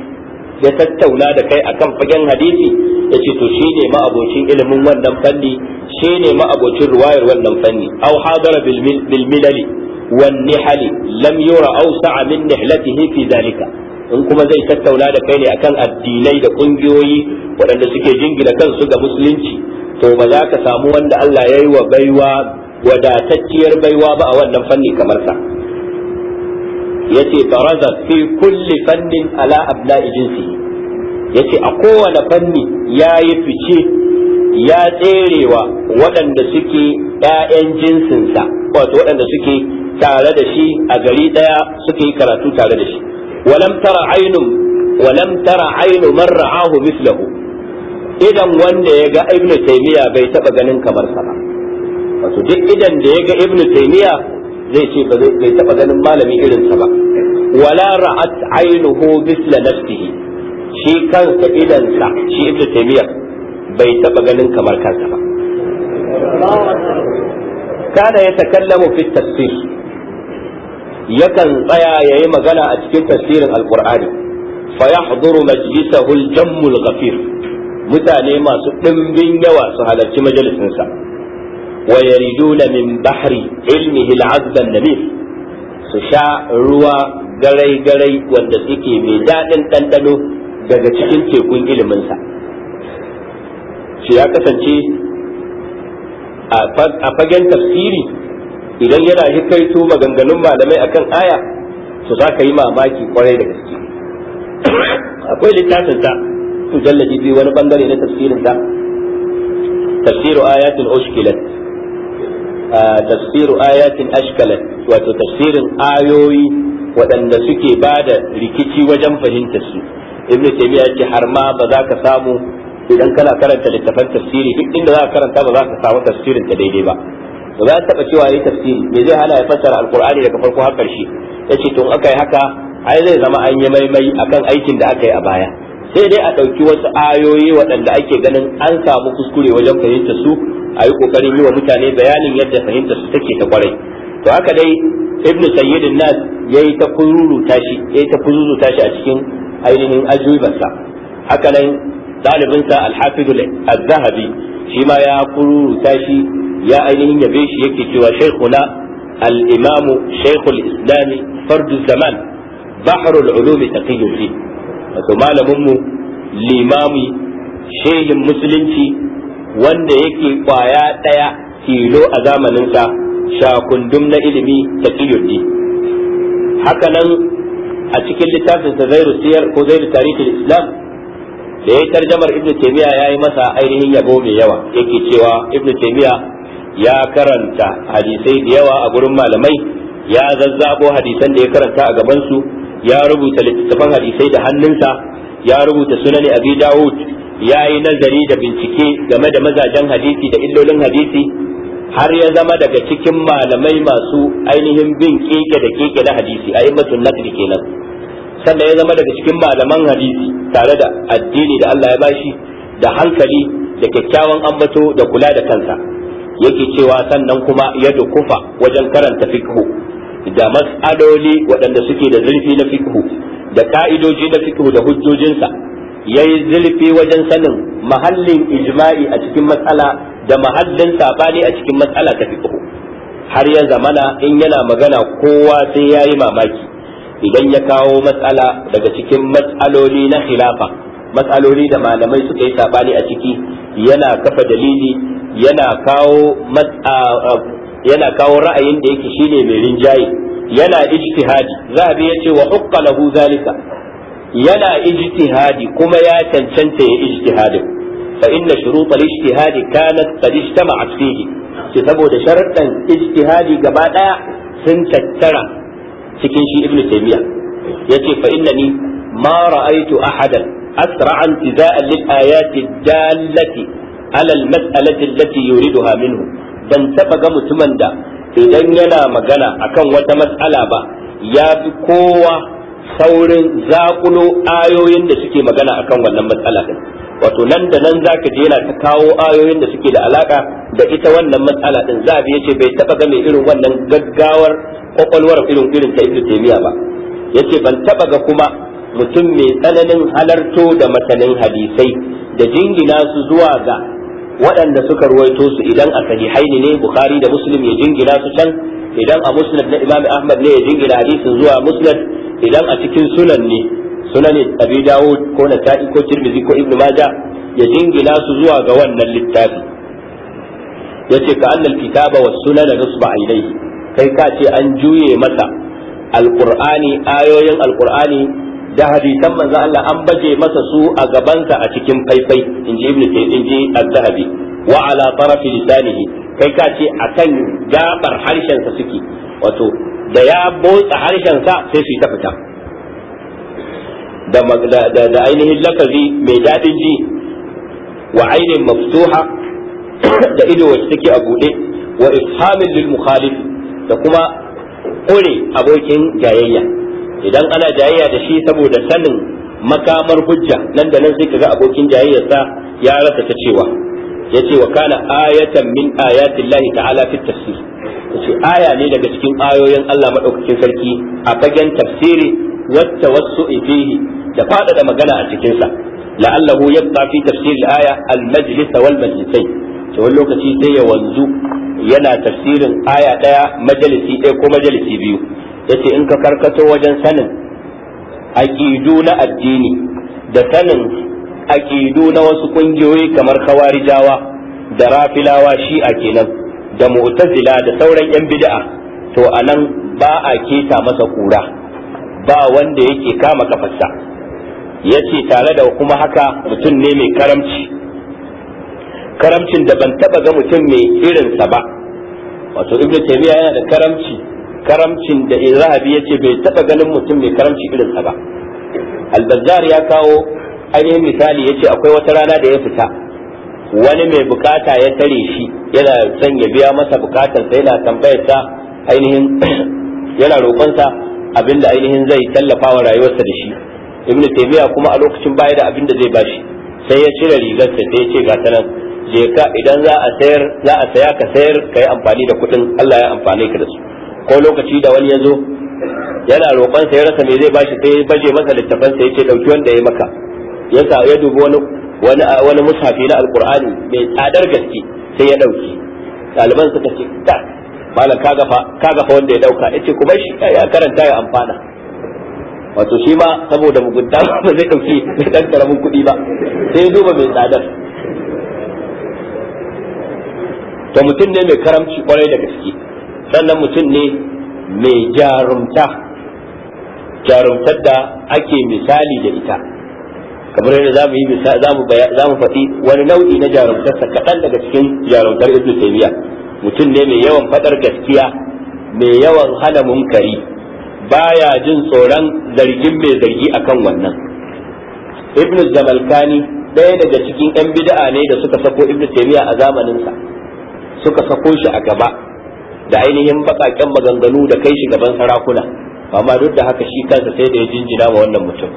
ya tattauna da kai akan fagen hadisi ya ce to shi ne ma'abocin ilimin wannan fanni shi ne ma'abocin ruwayar wannan fanni au hadara bil milali wan nihali lam yura au sa'a min nihlatihi fi zalika in kuma zai tattauna da kai ne akan addinai da kungiyoyi waɗanda suke jingina kansu ga musulunci to ba za ka samu wanda Allah ya yi wa baiwa wadatacciyar baiwa ba a wannan fanni kamar sa yace baraza fi kulli fannin ala abla'i jinsi yace a kowane fanni ya yi fice ya tserewa waɗanda suke ɗayan jinsinsa wato waɗanda suke tare da shi a gari ɗaya suke yi karatu tare da shi walam tara ainun walam tara ainu man ra'ahu idan wanda ya ga ibnu taymiya bai taba ganin kamar sa ba wato duk idan da ya ga ibnu taymiya zai ce ba zai ganin malami irinsa ba wala ra'at ainuhu misla nafsihi shi kansa idansa shi ibnu taymiyyah bai taba ganin kamar kansa ba kana ya takallamu fi tafsir yakan tsaya yayi magana a cikin tafsirin alqur'ani fa yahduru majlisahu al-jammul ghafir mutane masu dimbin yawa su halarci majalisinsa ويريدون من بحر علمه العذب النبيل su sha ruwa garai-garai wanda suke mai daɗin ɗanɗano daga cikin tekun iliminsa shi ya kasance a fagen tafsiri idan yana hikaito maganganun malamai akan aya to za ka yi mamaki kwarai da gaske akwai littafin ta mujalladi biyu wani bangare na tafsirin ta tafsiru ayatul ushkilat tafsiru ayatin ashkalat wato tafsirin ayoyi waɗanda suke ba da rikici wajen fahimtar su ibnu taymiya ce har ma ba za ka samu idan kana karanta littafan tafsiri duk inda za ka karanta ba za ka samu tafsirin ta daidai ba ba za taba cewa yayi tafsiri me zai hana ya fassara alqur'ani daga farko har karshe yace to aka yi haka ai zai zama an yi maimai akan aikin da aka yi a baya sai dai a ɗauki wasu ayoyi waɗanda ake ganin an samu kuskure wajen fahimta su a yi ƙoƙarin yi wa mutane bayanin yadda fahimta su take ta kwarai to haka dai ibnu sayyidin nas yayi ta kururuta shi yayi ta kururuta shi a cikin ainihin ajubansa haka nan ɗalibinsa alhafidul az-zahabi shi ma ya kururuta shi ya ainihin yabe shi yake cewa shaykhuna al-imamu shaykhul islami fardu zaman bahrul ulumi taqiyyun fi wato malaminmu limami shehin musulunci wanda yake kwaya ɗaya tilo a zamaninsa shakundum na ilimi ta ƙiyuddi haka nan a cikin littafin sa zairu siyar ko zairu tarihin islam da ya tarjamar ibn taymiya ya yi masa ainihin yabo mai yawa yake cewa ibn taymiya ya karanta hadisai da yawa a gurin malamai ya zazzabo hadisan da ya karanta a gabansu ya rubuta littattafan hadisai da hannunsa ya rubuta sunani abi dawud ya yi nazari da bincike game da mazajen hadisi da illolin hadisi har ya zama daga cikin malamai masu ainihin bin keke da keke na hadisi a immatun nakli kenan sannan ya zama daga cikin malaman hadisi tare da addini da Allah ya bashi da hankali da kyakkyawan ambato da kula da kansa yake cewa sannan kuma ya dukufa wajen karanta fiqh da mas'aloli waɗanda suke da zurfi na fikhu da ka'idoji na fiqhu da hujjojinsa yayi zurfi wajen sanin mahallin ijma'i a cikin matsala da mahallin sabani a cikin matsala ta fiqhu har ya zamana in yana magana kowa sai yayi mamaki idan ya kawo matsala daga cikin matsaloli na khilafa matsaloli da malamai suka yi sabani a ciki yana kafa dalili yana kawo yana kawo ra'ayin da yake shine mai rinjaye yana ijtihadi ya ce wa hukka lahu zalika yana ijtihadi kuma ya cancanta ya ijtihadi fa inna shurut al-ijtihadi kanat qad ijtama'at fihi shi saboda sharadan ijtihadi gaba daya sun tattara cikin shi ibnu taymiya yace fa innani ma ra'aytu ahadan asra'a intiza'an lil ayati dallati ala al-mas'alati allati yuriduha minhu ban taba ga mutumin da idan yana magana akan wata matsala ba ya fi kowa saurin zakulo ayoyin da suke magana akan wannan matsala din wato nan da nan zaka je yana ta kawo ayoyin da suke da alaka da ita wannan matsala din zabi yace bai taba ga mai irin wannan gaggawar kwakwalwar irin irin ta ibnu taymiya ba yace ban taba ga kuma mutum mai tsananin halarto da matanin hadisai da jingina su zuwa ga waɗanda suka ruwaito su idan a sahihaini ne bukhari da muslim ya jingina su can idan a musnad na imam ahmad ne ya jingina hadisin zuwa musnad idan a cikin sunan ne sunan abi dawud ko ta'i ko tirmidhi ko ibnu majah ya jingina su zuwa ga wannan littafi yace ka annal kitaba was sunan nusba ilayhi kai ka ce an juye masa alqur'ani ayoyin alqur'ani da hadisan manzo Allah an baje masa su a gabansa a cikin faifai inji ibnu inji az-zahabi wa ala tarafi lisanihi kai ka ce akan gabar harshen sa suke wato da ya motsa harshen sa sai su ta fita da da ainihin lafazi mai dadin ji wa ainin maftuha da ido wacce take a bude wa ifhamin lil mukhalif da kuma kore abokin jayayya idan ana jayayya da shi saboda sanin makamar hujja nan da nan sai kaga abokin jayayyarsa ya rasa ta cewa yace wa kana ayatan min ayati ta'ala fi tafsir yace aya ne daga cikin ayoyin Allah madaukakin sarki a fagen tafsiri wacce wasu fihi da faɗaɗa magana a cikin sa la'allahu yabqa fi tafsir al-aya al-majlis wal majlisain to wani lokaci sai ya wanzu yana tafsirin aya daya majalisi ɗaya ko majalisi biyu yace in ka karkato wajen sanin aqidu na addini da sanin aqidu na wasu kungiyoyi kamar khawarijawa da rafilawa shi a kenan da mu'tazila da sauran yan bid'a to anan ba a keta masa kura ba wanda yake kama kafarsa yace tare da kuma haka mutum ne mai karamci karamcin da ban taba ga mutum mai irinsa ba wato ibnu taymiya yana da karamci karamcin da zahabi ya ce bai taba ganin mutum mai karamci irinsa ba albazar ya kawo ainihin misali ya ce akwai wata rana da ya fita wani mai bukata ya tare shi yana son ya biya masa bukatarsa yana sa ainihin yana roƙonsa abinda ainihin zai tallafa wa rayuwarsa da shi ibnu taymiya kuma a lokacin baya da abinda zai bashi sai ya cire rigarsa sai ya ce ga tanan je ka idan za a sayar za a saya ka sayar ka yi amfani da kuɗin Allah ya amfane ka da su ko lokaci da wani ya zo yana roƙon sa ya rasa me zai bashi sai baje masa littafansa, sa yace dauki wanda ya maka ya sa ya dubi wani wani wani mushafi na alqur'ani mai tsadar gaske sai ya dauki ɗaliban suka ce ta malam ka gafa ka gafa wanda ya dauka yace ku bar shi ya karanta ya amfana wato shi ma saboda mugunta ba zai dauki mai dan karamin kuɗi ba sai duba mai tsadar to mutum ne mai karamci kwarai da gaske sannan mutum ne mai jarumta jarumtar da ake misali da ita kamar yadda za mu yi za mu faɗi wani nau'i na jarumtarsa kaɗan daga cikin jarumtar ibn taymiya mutum ne mai yawan faɗar gaskiya mai yawan hana munkari baya jin tsoron zargin mai zargi akan wannan ibnu zamalkani ɗaya daga cikin 'yan bid'a ne da suka sako ibn taymiya a zamaninsa suka sako shi a gaba da ainihin baƙaƙen maganganu da kai shi gaban sarakuna amma duk da haka shi kansa sai da ya jinjina wa wannan mutum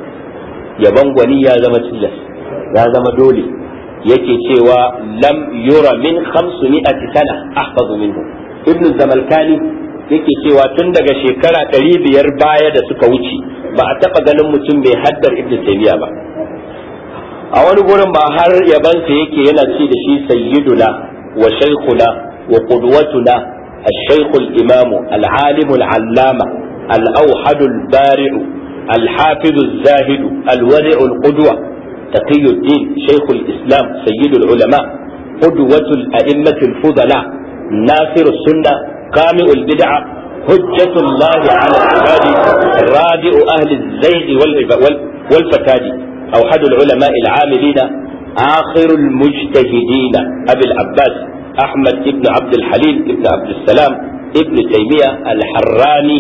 yaban gwani ya zama tilas ya zama dole yake cewa lam yura min mi'ati sana ahfazu minhu ibn zamalkani yake cewa tun daga shekara ɗari biyar baya da suka wuce ba a taɓa ganin mutum bai haddar ibn taymiya ba a wani gurin ba har yabansa yake yana ce da shi sayyiduna wa shaykhuna wa qudwatuna الشيخ الإمام العالم العلامة الأوحد البارع الحافظ الزاهد الورع القدوة تقي الدين شيخ الإسلام سيد العلماء قدوة الأئمة الفضلاء ناصر السنة قامع البدع حجة الله على العباد رادع أهل الزيغ والفساد أوحد العلماء العاملين آخر المجتهدين أبي العباس أحمد ابن عبد الحليم ابن عبد السلام ابن تيمية الحراني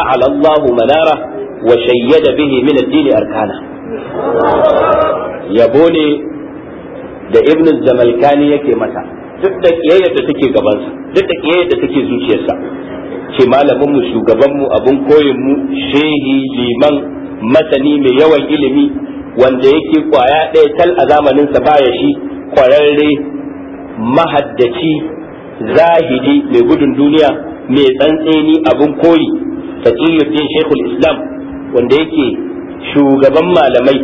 أعلى الله مناره وشيد به من الدين أركانه يبوني da ibn zamalkani yake mata duk da kiyayyar da take gabansa duk da kiyayyar da take zuciyarsa ce malamin mu shugaban mu abun koyin mu shehi liman masani mai yawan ilimi wanda yake kwaya ɗaya tal a zamaninsa baya shi kwararre mahaddaci zahidi mai gudun duniya mai tsantseni abin koyi taqiyuddin shekul islam wanda yake shugaban malamai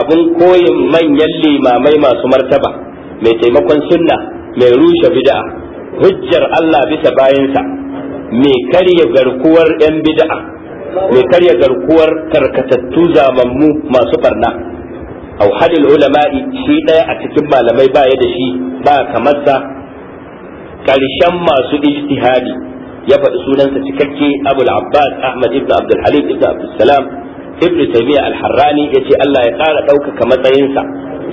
abin koyin manyan limamai masu martaba mai taimakon sunna mai rushe bid'a hujjar Allah bisa bayansa mai karya garkuwar 'yan bid'a mai karya garkuwar karkatattu zamanmu masu barna au hadil ulama'i shi ɗaya a cikin malamai baya da shi ba kamar sa karshen masu ijtihadi ya faɗi sunansa cikakke abul abbas ahmad ibn abdul halim ibn abdul salam ibn taymiya al-harrani Allah ya kara ɗaukaka matsayinsa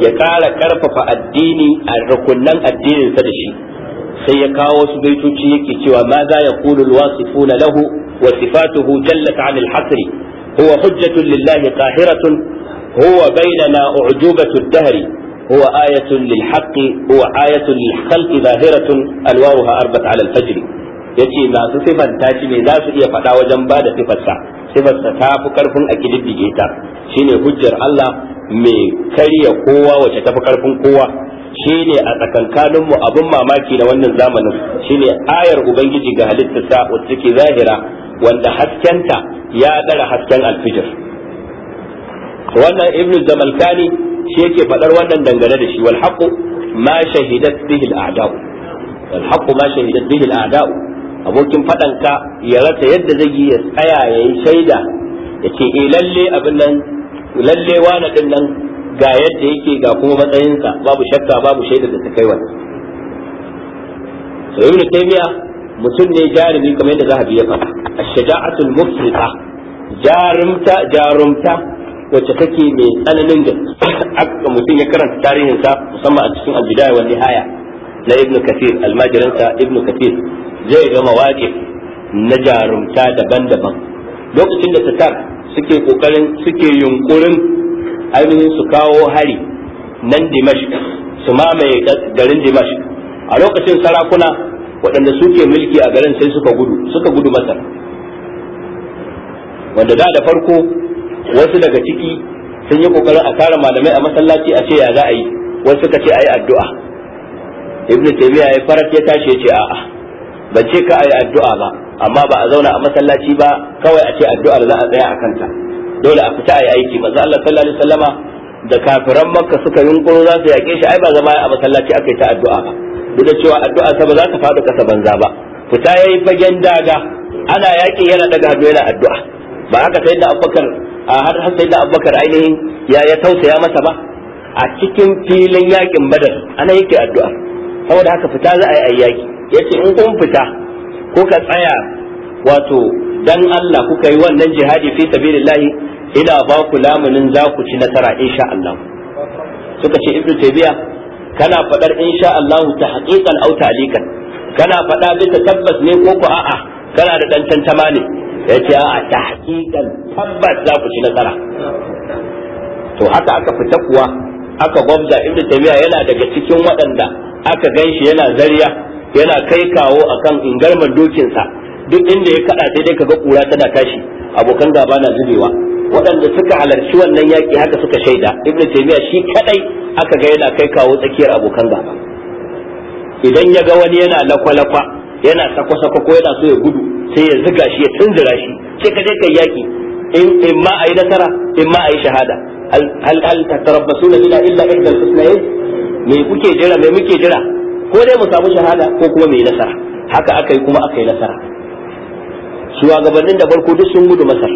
ya kara karfafa addini a rukunnan addininsa da shi sai ya kawo wasu baitoci yake cewa ma za ya qulu al-wasifuna lahu wa sifatuhu jallat 'an al-hasri huwa hujjatun lillahi qahiratun huwa bainana u'jubatu ad-dahri huwa ayatun lil haqqi huwa ayatun lil khalqi zahiratun alwaruha arbat ala yace masu sifanta shi ne zasu iya faɗa wajen bada da sifarsa sifarsa ta fi karfin a kididdige ta shine hujjar Allah mai karya kowa wacce ta fi karfin kowa shine a tsakankaninmu abin mamaki na wannan zamanin shine ayar ubangiji ga halittarsa wacce take zahira wanda haskenta ya dara hasken alfijir wannan ibnu zamalkani shi yake faɗar wannan dangane da shi wal haqu ma shahidat bihi al a'da'u wal haqu ma shahidat bihi al a'da'u abokin faɗanka ya rasa yadda zai yi ya tsaya ya yi shaida ya ce eh lalle abin nan lalle wani din nan ga yadda yake ga kuma matsayinsa babu shakka babu shaida da ta kai wannan sai ibnu taymiya mutum ne jarumi kamar yadda zahabi ya faɗa ash-shaja'atul mufrita jarumta jarumta wacce take mai tsananin da aka mutum ya karanta tarihinsa musamman a cikin albidaya wa nihaya na ibnu kathir almajiransa ibnu kathir zai ga mawaqif na jarumta daban-daban lokacin da tatar suke kokarin suke yunkurin ainihin su kawo hari nan dimashq su mamaye garin dimashq a lokacin sarakuna waɗanda suke mulki a garin sai suka gudu suka gudu masar wanda da da farko wasu daga ciki sun yi kokarin a tara malamai a masallaci a ce ya za a yi wasu suka ce a addu'a ibnu taymiya ya farat ya tashi ya ce a'a ban ce ka a yi addu'a ba amma ba a zauna a masallaci ba kawai a ce addu'ar za a tsaya a kanta dole a fita a yi aiki manzo Allah sallallahu alaihi wasallama da kafiran makka suka yunkuro za su yake shi ai ba zama a masallaci aka yi ta addu'a ba duk da cewa addu'a sa ba za ta faɗo kasa banza ba fita yayi fagen daga ana yaƙi yana daga hannu yana addu'a ba haka sai da abubakar a har har sai da abubakar ainihin ya ya tausaya masa ba a cikin filin yakin badar ana yake addu'a saboda haka fita za a yi yaki ce in kun fita kuka tsaya wato dan Allah kuka yi wannan jihadi fi sabilillah ina ba ku lamunin za ku ci nasara insha Allah suka ce ibnu tabiya kana fadar insha Allah ta haqiqan aw ta'liqan kana faɗa bisa tabbas ne ko ku a'a kana da dan tantama ne ya ce a hakikan tabbas za ku ci nasara to haka aka fita kuwa aka gwamza inda yana daga cikin waɗanda aka ganshi yana zariya yana kai kawo akan ingarman dokinsa duk inda ya kaɗa sai dai ga kura tana tashi abokan gaba na zubewa waɗanda suka halarci wannan yaƙi haka suka shaida ibn taymiya shi kaɗai aka ga yana kai kawo tsakiyar abokan gaba idan ya ga wani yana lakwa-lakwa. yana sako-sako ko yana so ya gudu sai ya zuga shi ya tunzura shi sai ka je kai yaki in in ma ayi nasara in ma ayi shahada hal hal la ila illa ihda al-husnayn eh? me kuke jira me muke jira ko dai mu samu shahada ko kuma mu yi nasara haka aka yi kuma aka yi nasara shugabannin da farko duk sun gudu masar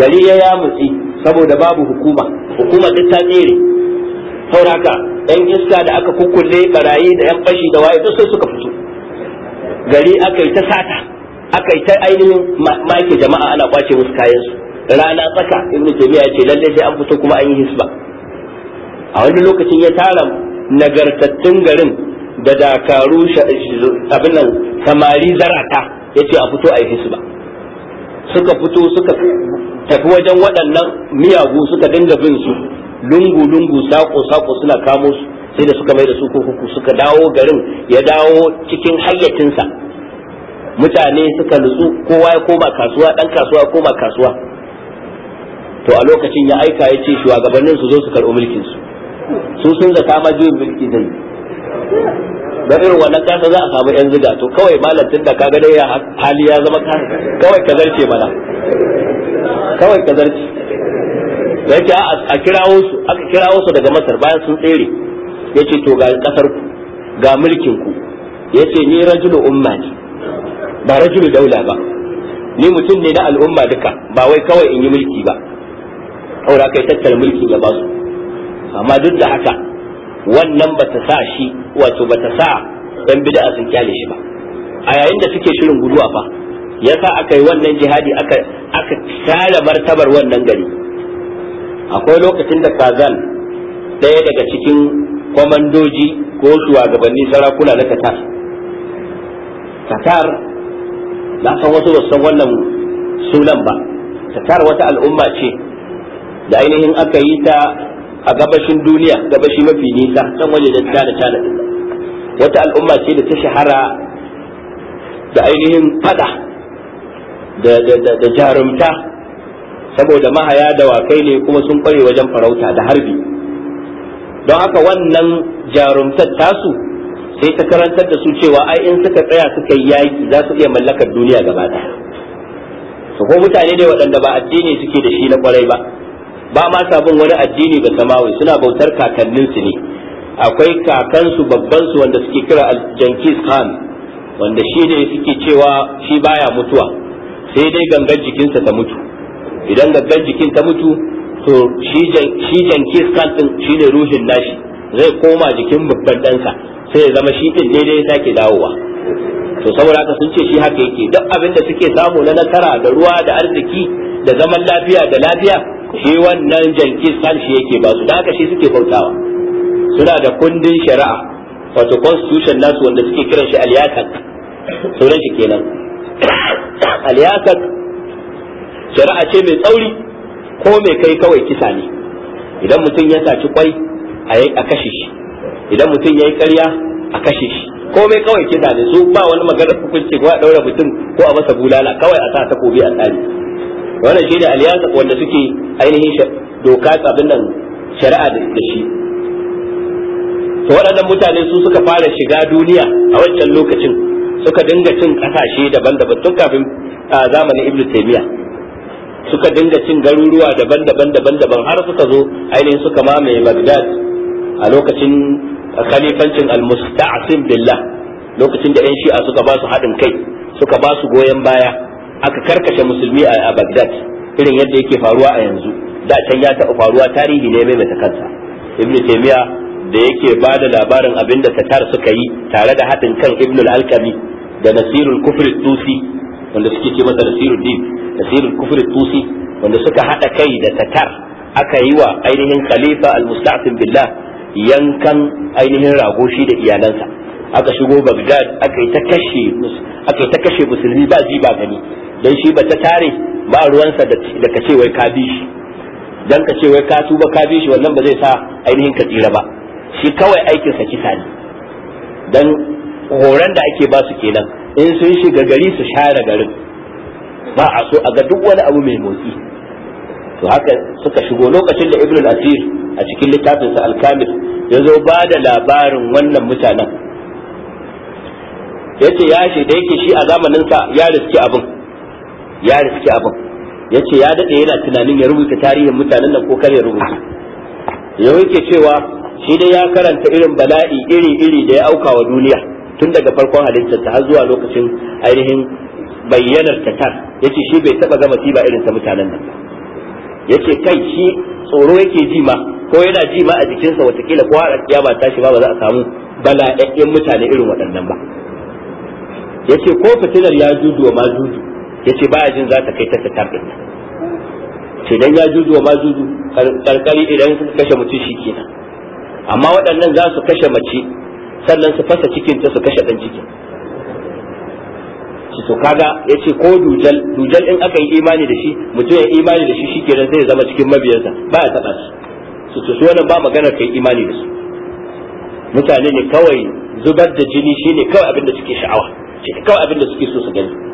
gari ya mutsi saboda babu hukuma hukuma duk ta tsere sauraka yan iska da aka kukkulle barayi da yan fashi da waye duk sai suka fito gari aka yi ta sata aka yi ta ainihin maki jama'a ana kwace musu kayansu. rana tsaka ibnu taymiya ya ce lalle sai an fito kuma an yi hisba a wani lokacin ya tara nagartattun garin da dakaru abin nan samari zarata ya ce a fito a yi hisba suka fito suka tafi wajen waɗannan miyagu suka dinga bin su lungu-lungu sako-sako suna kamo su sai da suka mai da su kuku suka dawo garin ya dawo cikin hayyacinsa mutane suka nutsu kowa ya koma kasuwa dan kasuwa koma kasuwa to a lokacin ya aika ya ce shugabannin su zo su karɓi mulkin su su sun zata ma juyin mulki zai da irin wannan kasa za a samu yan ziga to kawai malam tunda ka ga ya hali ya zama ka kawai ka zarce mana kawai ka zarce yake a kirawo su aka kirawo su daga masar bayan sun tsere yace to ga kasar ku ga mulkin ku yace ni rajulu umma ne ba rajulu daula ba ni mutum ne na al'umma duka ba wai kawai in yi mulki ba aura kai tattara mulki ya ba su amma duk da haka wannan ba ta sa shi wato ba ta sa yan bid'a sun kyale shi ba a yayin da suke shirin guduwa fa yasa aka yi wannan jihadi aka aka tsara martabar wannan gari akwai lokacin da kazan ɗaya daga cikin Komandoji ko shugabanni sarakuna na Qatar. Qatar na san wasu ba san wannan sunan ba Qatar wata al'umma ce da ainihin aka yi ta a gabashin duniya gabashi mafi nisa can waje da tana tana wata al'umma ce da ta shahara da ainihin fada da jarumta saboda mahaya da wakai ne kuma sun kware wajen farauta da harbi don haka wannan jarumtar tasu sai ta karantar da su cewa ai in suka tsaya suka yi yaki za su iya mallakar duniya gaba ɗaya ko mutane ne waɗanda ba addini suke da shi na kwarai ba ba ma sabon wani addini ba samawi suna bautar kakanninsu ne akwai kakansu babban su wanda suke kira Jankis Khan wanda shi ne suke cewa shi baya mutuwa sai dai gangar jikinsa ta mutu idan gangar jikin ta mutu to shi janki kan din shi ne ruhin nashi zai koma jikin babban ɗansa sai ya zama shi din daidai ya sake dawowa to saboda haka sun ce shi haka yake duk abin da suke samu na nasara da ruwa da arziki da zaman lafiya da lafiya shi wannan jankis kan shi yake ba su da haka shi suke bautawa suna da kundin shari'a wato constitution nasu wanda suke kiran shi aliyakat sauran shi kenan aliyakat shari'a ce mai tsauri ko mai kai kawai kisa ne idan mutum ya saci kwai a kashe shi idan mutum ya yi karya a kashe shi komai kawai kisa ne su ba wani maganar hukunci ko a daura mutum ko a masa bulala kawai a sa takobi a tsari wannan shi ne aliyansa wanda suke ainihin doka sabbin nan shari'a da shi to waɗannan mutane su suka fara shiga duniya a wancan lokacin suka dinga cin ƙasashe daban-daban tun kafin zamanin ibnu taymiyyah suka dinga cin garuruwa daban-daban daban-daban har suka zo ainihin suka mamaye Baghdad a lokacin khalifancin al-musta'sim billah lokacin da 'yan shi'a suka ba su haɗin kai suka ba su goyon baya aka karkashe musulmi a Baghdad irin yadda yake faruwa a yanzu da can ya taɓa faruwa tarihi ne mai kansa ibn taymiya da yake ba da labarin abinda da tatar suka yi tare da haɗin kan ibn al-alkami da nasirul kufr tusi wanda suke ce masa nasirul din nasirul kufri tusi wanda suka hada kai da tatar aka yi wa ainihin khalifa al-musta'fin billah yankan ainihin rago shi da iyalansa aka shigo Baghdad aka yi ta kashe aka yi ta kashe musulmi ba ji ba gani dan shi ba ta tare ba ruwansa da kace wai ka bi shi dan ce wai ka tuba ka bi shi wannan ba zai sa ainihin ka tsira ba shi kawai aikinsa kisa ne dan Horan da ake ba su kenan in sun shiga gari su share garin ba a so a ga duk wani abu mai motsi to haka suka shigo lokacin da al asir a cikin littafinsa al-kamil ya zo ba da labarin wannan mutanen yace ya shi da yake shi a zamanin sa ya riski abin ya riski abin yace ya dade yana tunanin ya rubuta tarihin mutanen nan ko kar ya rubuta yau yake cewa shi dai ya karanta irin bala'i iri iri da ya auka wa duniya tun daga farkon halittar ta har zuwa lokacin ainihin bayyanar ta ta yace shi bai taba zama tiba irin ta mutanen nan yace kai shi tsoro yake ji ma ko yana ji ma a jikinsa watakila ko har kiyama ta shi ba ba za a samu bala'ayyen mutane irin waɗannan ba yace ko fitilar ya dudu wa ma juju yace baya jin za ta kai ta tar din ce dan ya dudu wa ma juju karkari idan suka kashe mutum shi kenan amma waɗannan za su kashe mace sannan su fasa cikin ta su kashe dan cikin shi to kaga yace ko dujal dujal in aka yi imani da shi mutum ya imani da shi shikenan sai zai zama cikin mabiyansa ba ya taba su su to wannan ba magana kai imani da su mutane ne kawai zubar da jini shine kawai abin da suke sha'awa shine kawai abin da suke so su gani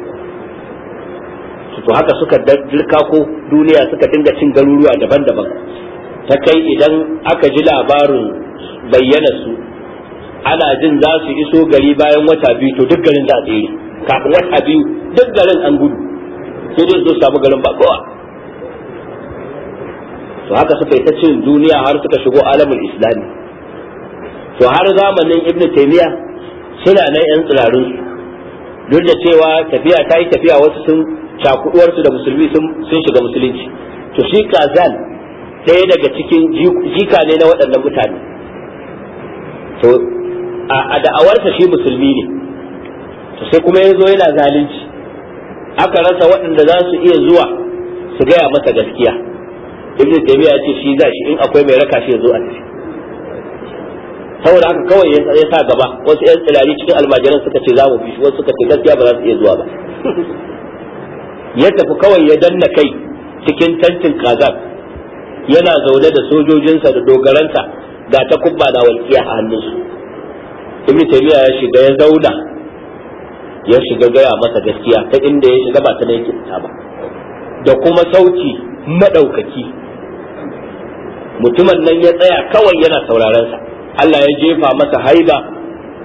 to haka suka dalka ko duniya suka dinga cin garuruwa daban-daban ta kai idan aka ji labarin bayyana su ana jin za su iso gari bayan wata biyu to duk garin za a tsere kafin wata biyu duk garin an gudu sai dai su samu garin ba kowa to haka suka yi ta cin duniya har suka shigo alamin islami to har zamanin ibn taymiya suna nan yan tsirarun duk da cewa tafiya ta yi tafiya wasu sun cakuduwarsu da musulmi sun shiga musulunci to shi kazan ɗaya daga cikin jika ne na waɗannan mutane a da'awarsa shi musulmi ne to sai kuma ya zo yana zalunci aka rasa waɗanda za su iya zuwa su gaya masa gaskiya ibnu taymiya ya ce shi za shi in akwai mai raka shi ya zo a tafi saboda haka kawai ya sa gaba wasu yan tsirari cikin almajiran suka ce za mu bi shi wasu suka ce gaskiya ba za su iya zuwa ba ya tafi kawai ya danna kai cikin tantin kazan yana zaune da sojojinsa da dogaranta ga ta kubba na walƙiya a hannunsu ibn tabiya ya shiga ya zauna ya shiga gaya masa gaskiya ta inda ya shiga ba ta da yake ba da kuma sauki madaukaki mutumin nan ya tsaya kawai yana sauraron sa Allah ya jefa masa haiba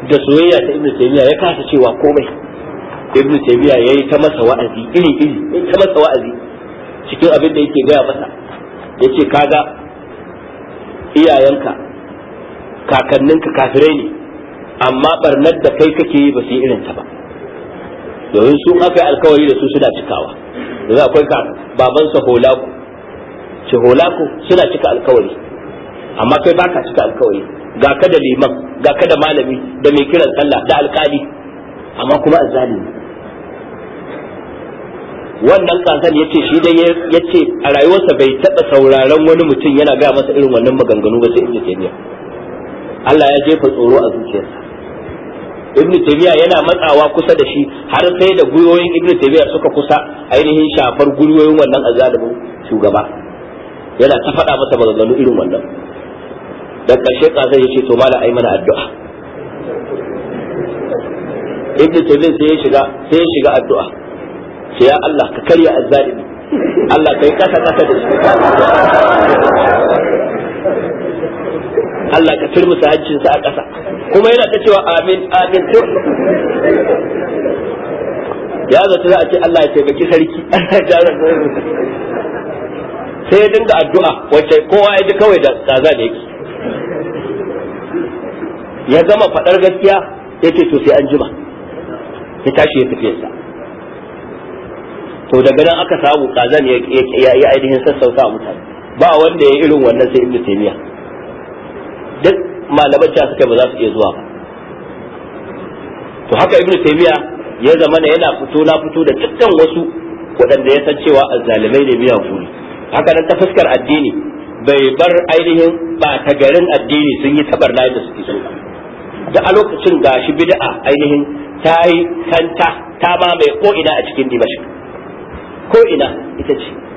da soyayya ta ibn tabiya ya kasa cewa komai ibn tabiya yayi ta masa wa'azi iri iri ta masa wa'azi cikin abin da yake gaya masa yace kaga iyayenka kakanninka kafirai ne amma barnar da kai kake yi ba su yi irin ta ba domin su aka alkawari da su suna cikawa Da za akwai ka baban sa holaku ce holaku suna cika alkawari amma kai baka cika alkawari ga ka da liman ga ka da malami da mai kiran sallah da alkali amma kuma azzalimi wannan kansan ya ce shi dai ya ce a rayuwarsa bai taɓa sauraron wani mutum yana gaya masa irin wannan maganganu ba sai ke taymiya Allah ya jefa tsoro a zuciyarsa ibn tabiya yana matsawa kusa da shi har sai da gwiwoyin ibn tabiya suka kusa ainihin shafar gwiwoyin wannan azalimin shugaba yana ta faɗa masa maganganu irin wannan da ƙarshe ƙasa ya ce to mala ai mana addu'a ibn tabiya sai ya shiga sai ya shiga addu'a sai ya Allah ka karya azzalimi Allah kai kasa kasa da shi Allah ka turmusa hancinsa a ƙasa kuma yana ta cewa amin amin to ya zata za a ce Allah ya taimaki sarki sai ya dinga addu'a wacce kowa ya ji kawai da kaza da yake ya gama faɗar gaskiya ya ce to sai an jima ya tashi ya sa to daga nan aka samu kazan ya ainihin sassauta mutane ba wanda ya irin wannan sai ibnu taymiya duk malamai ta suka ba za su iya zuwa ba to haka ibnu taymiya ya zama ne yana fito na fito da dukkan wasu waɗanda ya san cewa azzalimai ne biya kuri haka nan ta fuskar addini bai bar ainihin ba ta garin addini sun yi tabar tabarna da suke so da a lokacin gashi bid'a ainihin ta yi kanta ta ba mai ko ina a cikin dimashi ko ina ita ce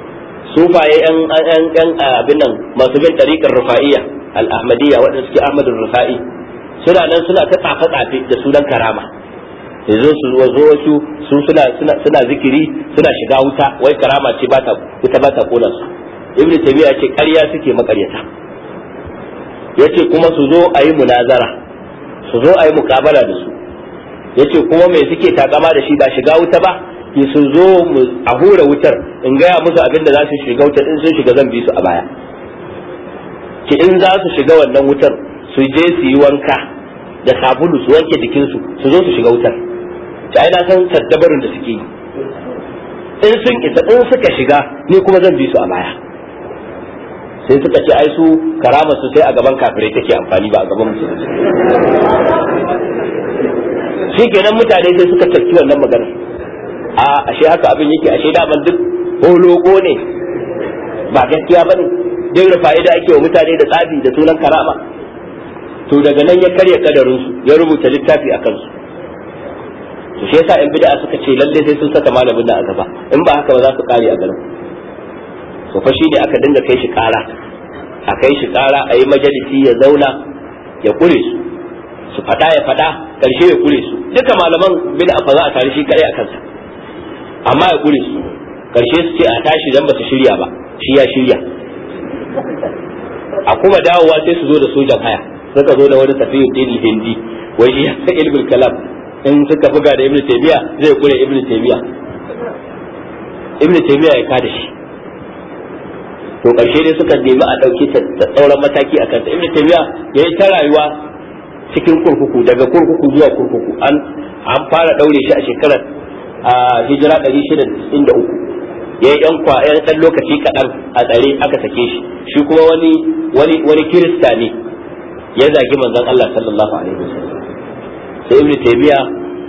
sufaye yan yan yan abin nan masu bin tariqar rufa'iyya al-ahmadiyya waɗanda suke ahmadul rufa'i suna nan suna ta tsafe tsafe da sunan karama yanzu su zo su su suna suna suna zikiri suna shiga wuta wai karama ce ba ta wuta ba ta kona su ibnu tabiya ce ƙarya suke makaryata yace kuma su zo a yi munazara su zo a yi mukabala da su yace kuma me suke takama da shi ba shiga wuta ba ki sun zo mu a hura wutar in gaya musu abin da za su shiga wutar in sun shiga zan bi su a baya ki in za su shiga wannan wutar su je su yi wanka da sabulu su wanke jikinsu su zo su shiga wutar ki ai na san taddabarin da suke yi in sun isa in suka shiga ni kuma zan bi su a baya sai suka ce ai su karama su sai a gaban kafirai take amfani ba a gaban musulunci shi kenan mutane sai suka tafki wannan maganar a ashe haka abin yake ashe daman duk holoko ne ba gaskiya bane duk rufa'i da ake wa mutane da tsabi da sunan karama to daga nan ya karya kadarin su ya rubuta littafi a kansu to shi yasa bi bid'a suka ce lalle sai sun saka malamin da a gaba in ba haka ba za su kare a garin to fa shi ne aka dinga kai shi kara a kai shi kara a yi majalisi ya zauna ya kure su su fada ya fada karshe ya kure su duka malaman bid'a fa za a tare shi kare a kansa amma ya kure su karshe su ce a tashi dan ba su shirya ba shi ya shirya a kuma dawowa sai su zo da sojan haya suka zo da wani tafiyu dini hindi wai shi ya ilmul kalam in suka buga da ibnu taymiya zai kure ibnu taymiya ibnu taymiya ya kada shi to karshe dai suka nemi a dauke ta tsauran mataki akan ta ibnu taymiya yayi ta rayuwa cikin kurkuku daga kurkuku zuwa kurkuku an an fara daure shi a shekarar a hijira uku, ya yi ɗan kwayar ɗan lokaci kaɗan a tsare aka sake shi shi kuma wani wani wani kirista ne ya zagi manzon Allah sallallahu alaihi wasallam sai ibnu taymiya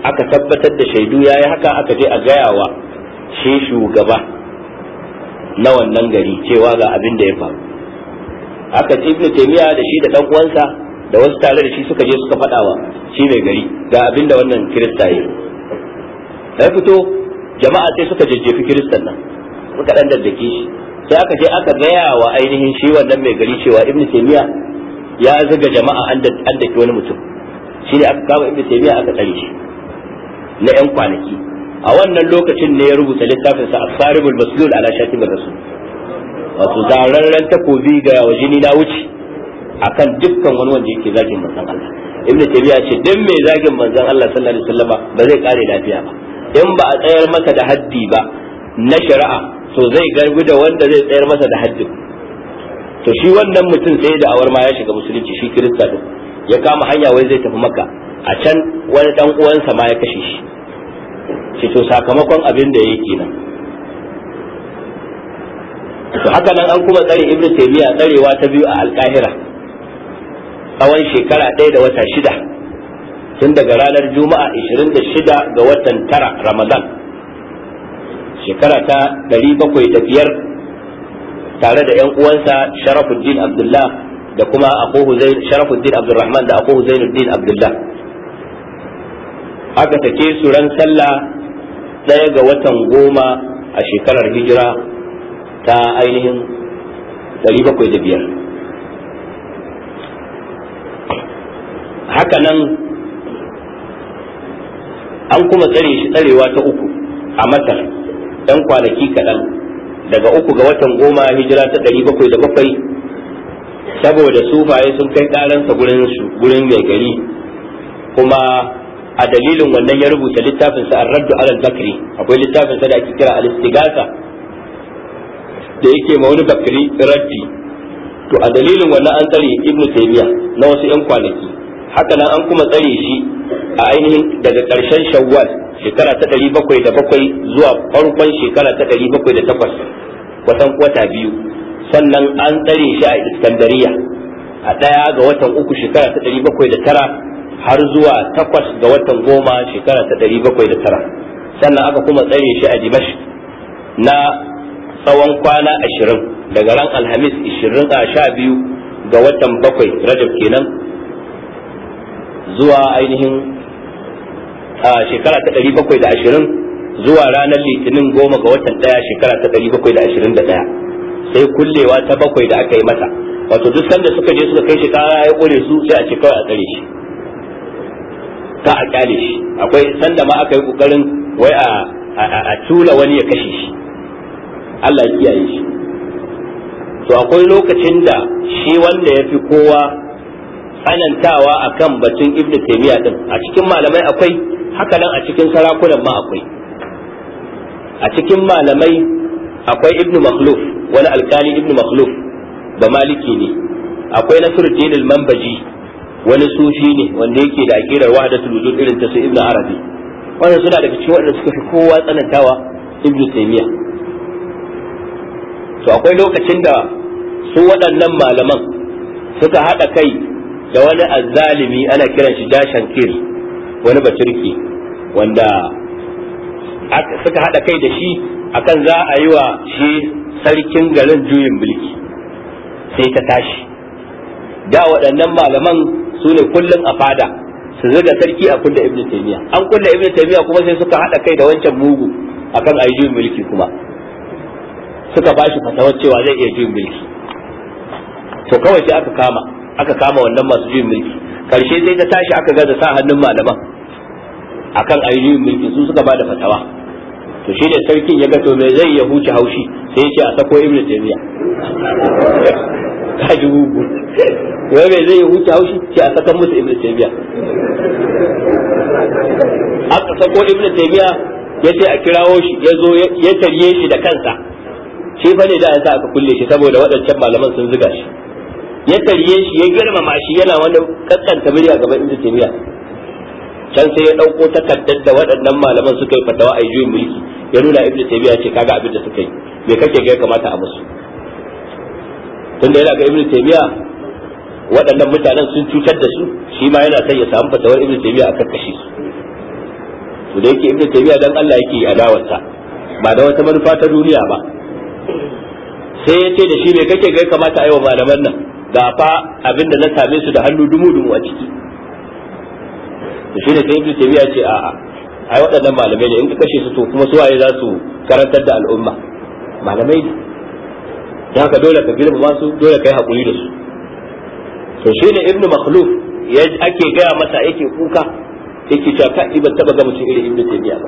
aka tabbatar da shaidu yayi haka aka je a gayawa shi shugaba na wannan gari cewa ga abin da ya faru aka ibnu taymiya da shi da dan uwansa da wasu tare da shi suka je suka faɗawa shi mai gari ga abin da wannan kirista yayi sai fito jama'a sai suka jajjefi kiristan nan suka dan daddake shi sai aka je aka gaya wa ainihin shi wannan mai gari cewa ibnu taymiya ya zuga jama'a an daki wani mutum shi ne aka kama ibnu taymiya aka tsare shi na yan kwanaki a wannan lokacin ne ya rubuta littafin sa asaribul maslul ala shatimir rasul wato zararren takobi ga wajini na wuce akan dukkan wani wanda yake zagin manzon Allah ibnu taymiya ce dan mai zagin manzon Allah sallallahu alaihi wasallama ba zai kare lafiya ba in ba a tsayar masa da haddi ba na shari'a to zai garbi da wanda zai tsayar masa da haddin to shi wannan mutum sai da awar ma ya shiga musulunci shi kirista din ya kama hanya wai zai tafi maka a can wani dan uwansa ma ya kashe shi shi to sakamakon abin da yake kenan to haka nan an kuma tsare ibnu taymiya tsarewa ta biyu a alkahira tsawon shekara ɗaya da wata shida tun daga ranar juma'a 26 ga watan tara ramadan shekara ta 705 tare da 'yan uwansa sharafuddin abdullah da kuma sharafuddin abdulrahman da akohu zainuddin abdullah haka sake su ran sallah ɗaya ga watan goma a shekarar hijira ta ainihin 705 haka nan an kuma tsare shi tsarewa ta uku a masar dan kwanaki kaɗan daga uku ga watan goma hijira ta ɗari bakwai da bakwai saboda sufaye sun kai ƙaransa gurin mai gari kuma a dalilin wannan ya rubuta littafinsa a raddu alal bakri akwai littafinsa da ake kira al-istigasa da yake ma wani bakri raddi to a dalilin wannan an tsare ibnu taymiya na wasu yan kwanaki haka nan an kuma tsare shi a ainihin daga ƙarshen shawwal shekara ta ɗari bakwai da bakwai zuwa farkon shekara ta ɗari bakwai da takwas kwatan wata biyu sannan an tsare shi a iskandariya a ɗaya ga watan uku shekara ta ɗari bakwai da tara har zuwa takwas ga watan goma shekara ta ɗari bakwai da tara sannan aka kuma tsare shi a dimash na tsawon kwana ashirin daga ran alhamis ashirin a sha biyu ga watan bakwai rajab kenan zuwa ainihin shekara ta ɗari bakwai da ashirin zuwa ranar litinin goma ga watan ɗaya shekara ta ɗari bakwai da ashirin da ɗaya sai kullewa ta bakwai da aka yi mata wato duk sanda suka je suka kai shi kara ya kure su sai a ce kawai a tsare shi ka a kyale shi akwai sanda ma aka yi kokarin wai a a tula wani ya kashe shi Allah ya kiyaye shi to akwai lokacin da shi wanda ya fi kowa tsanantawa a kan batun Ibn taimiyya din a cikin malamai akwai haka nan a cikin sarakunan ma akwai a cikin malamai akwai Ibn makhluf wani alkali Ibn makhluf ba maliki ne akwai nasiruddin al-manbaji wani sufi ne wanda yake da akidar wahdatul wujud irin ta su Ibn arabi wannan suna daga cikin waɗanda suka fi kowa tsanantawa Ibn taimiyya to akwai lokacin da su waɗannan malaman suka haɗa kai da wani azzalimi ana kiran shi kir wani baturki wanda suka haɗa kai da shi akan za a yi wa shi sarkin garin juyin mulki sai ta tashi da waɗannan malaman su ne kullum a fada su zuga sarki a kulla ibn taymiya an kulle ibn taymiya kuma sai suka haɗa kai da wancan mugu akan ayi juyin mulki kuma suka bashi fatawar cewa zai iya juyin mulki to kawai sai aka kama aka kama wannan masu juyin mulki karshe sai ta tashi aka gaza sa hannun malaman akan ayi jin mulki su suka bada fatawa to shi da sarkin ya gato mai me zai ya huce haushi sai ya ce a sako ibn taymiya kaji hugu wai me zai ya huce haushi ce a sakan musu ibn taymiya aka sako ibn taymiya ya ce a kirawo shi ya zo ya tarye shi da kansa shi fa ne da yasa aka kulle shi saboda waɗancan malaman sun ziga shi ya tarye shi ya girmama shi yana wani kakkanta murya gaba, ibnu taymiya can sai ya dauko takardar da waɗannan malaman suka yi fatawa a juyin mulki ya nuna Ibn taymiya ce kaga abin da suka yi me kake ga kamata a musu tunda yana ga ibnu taymiya waɗannan mutanen sun cutar da su shi ma yana son ya samu fatawar ibnu taymiya a karkashe su to da yake ibnu taymiya dan Allah yake adawarsa ba da wata manufa ta duniya ba sai ya ce da shi me kake ga kamata a yi wa malaman nan gafa abinda na same su da hannu dumu dumu a ciki to shine sai ibnu taymiya ce a'a ai waɗannan malamai ne in ka kashe su to kuma su waye za su karantar da al'umma malamai ne dan ka dole ka girma su dole kai hakuri da su to shine ibnu makhluf ake gaya masa yake kuka yake cewa kai ban taba ga mutum irin ibnu taymiya ba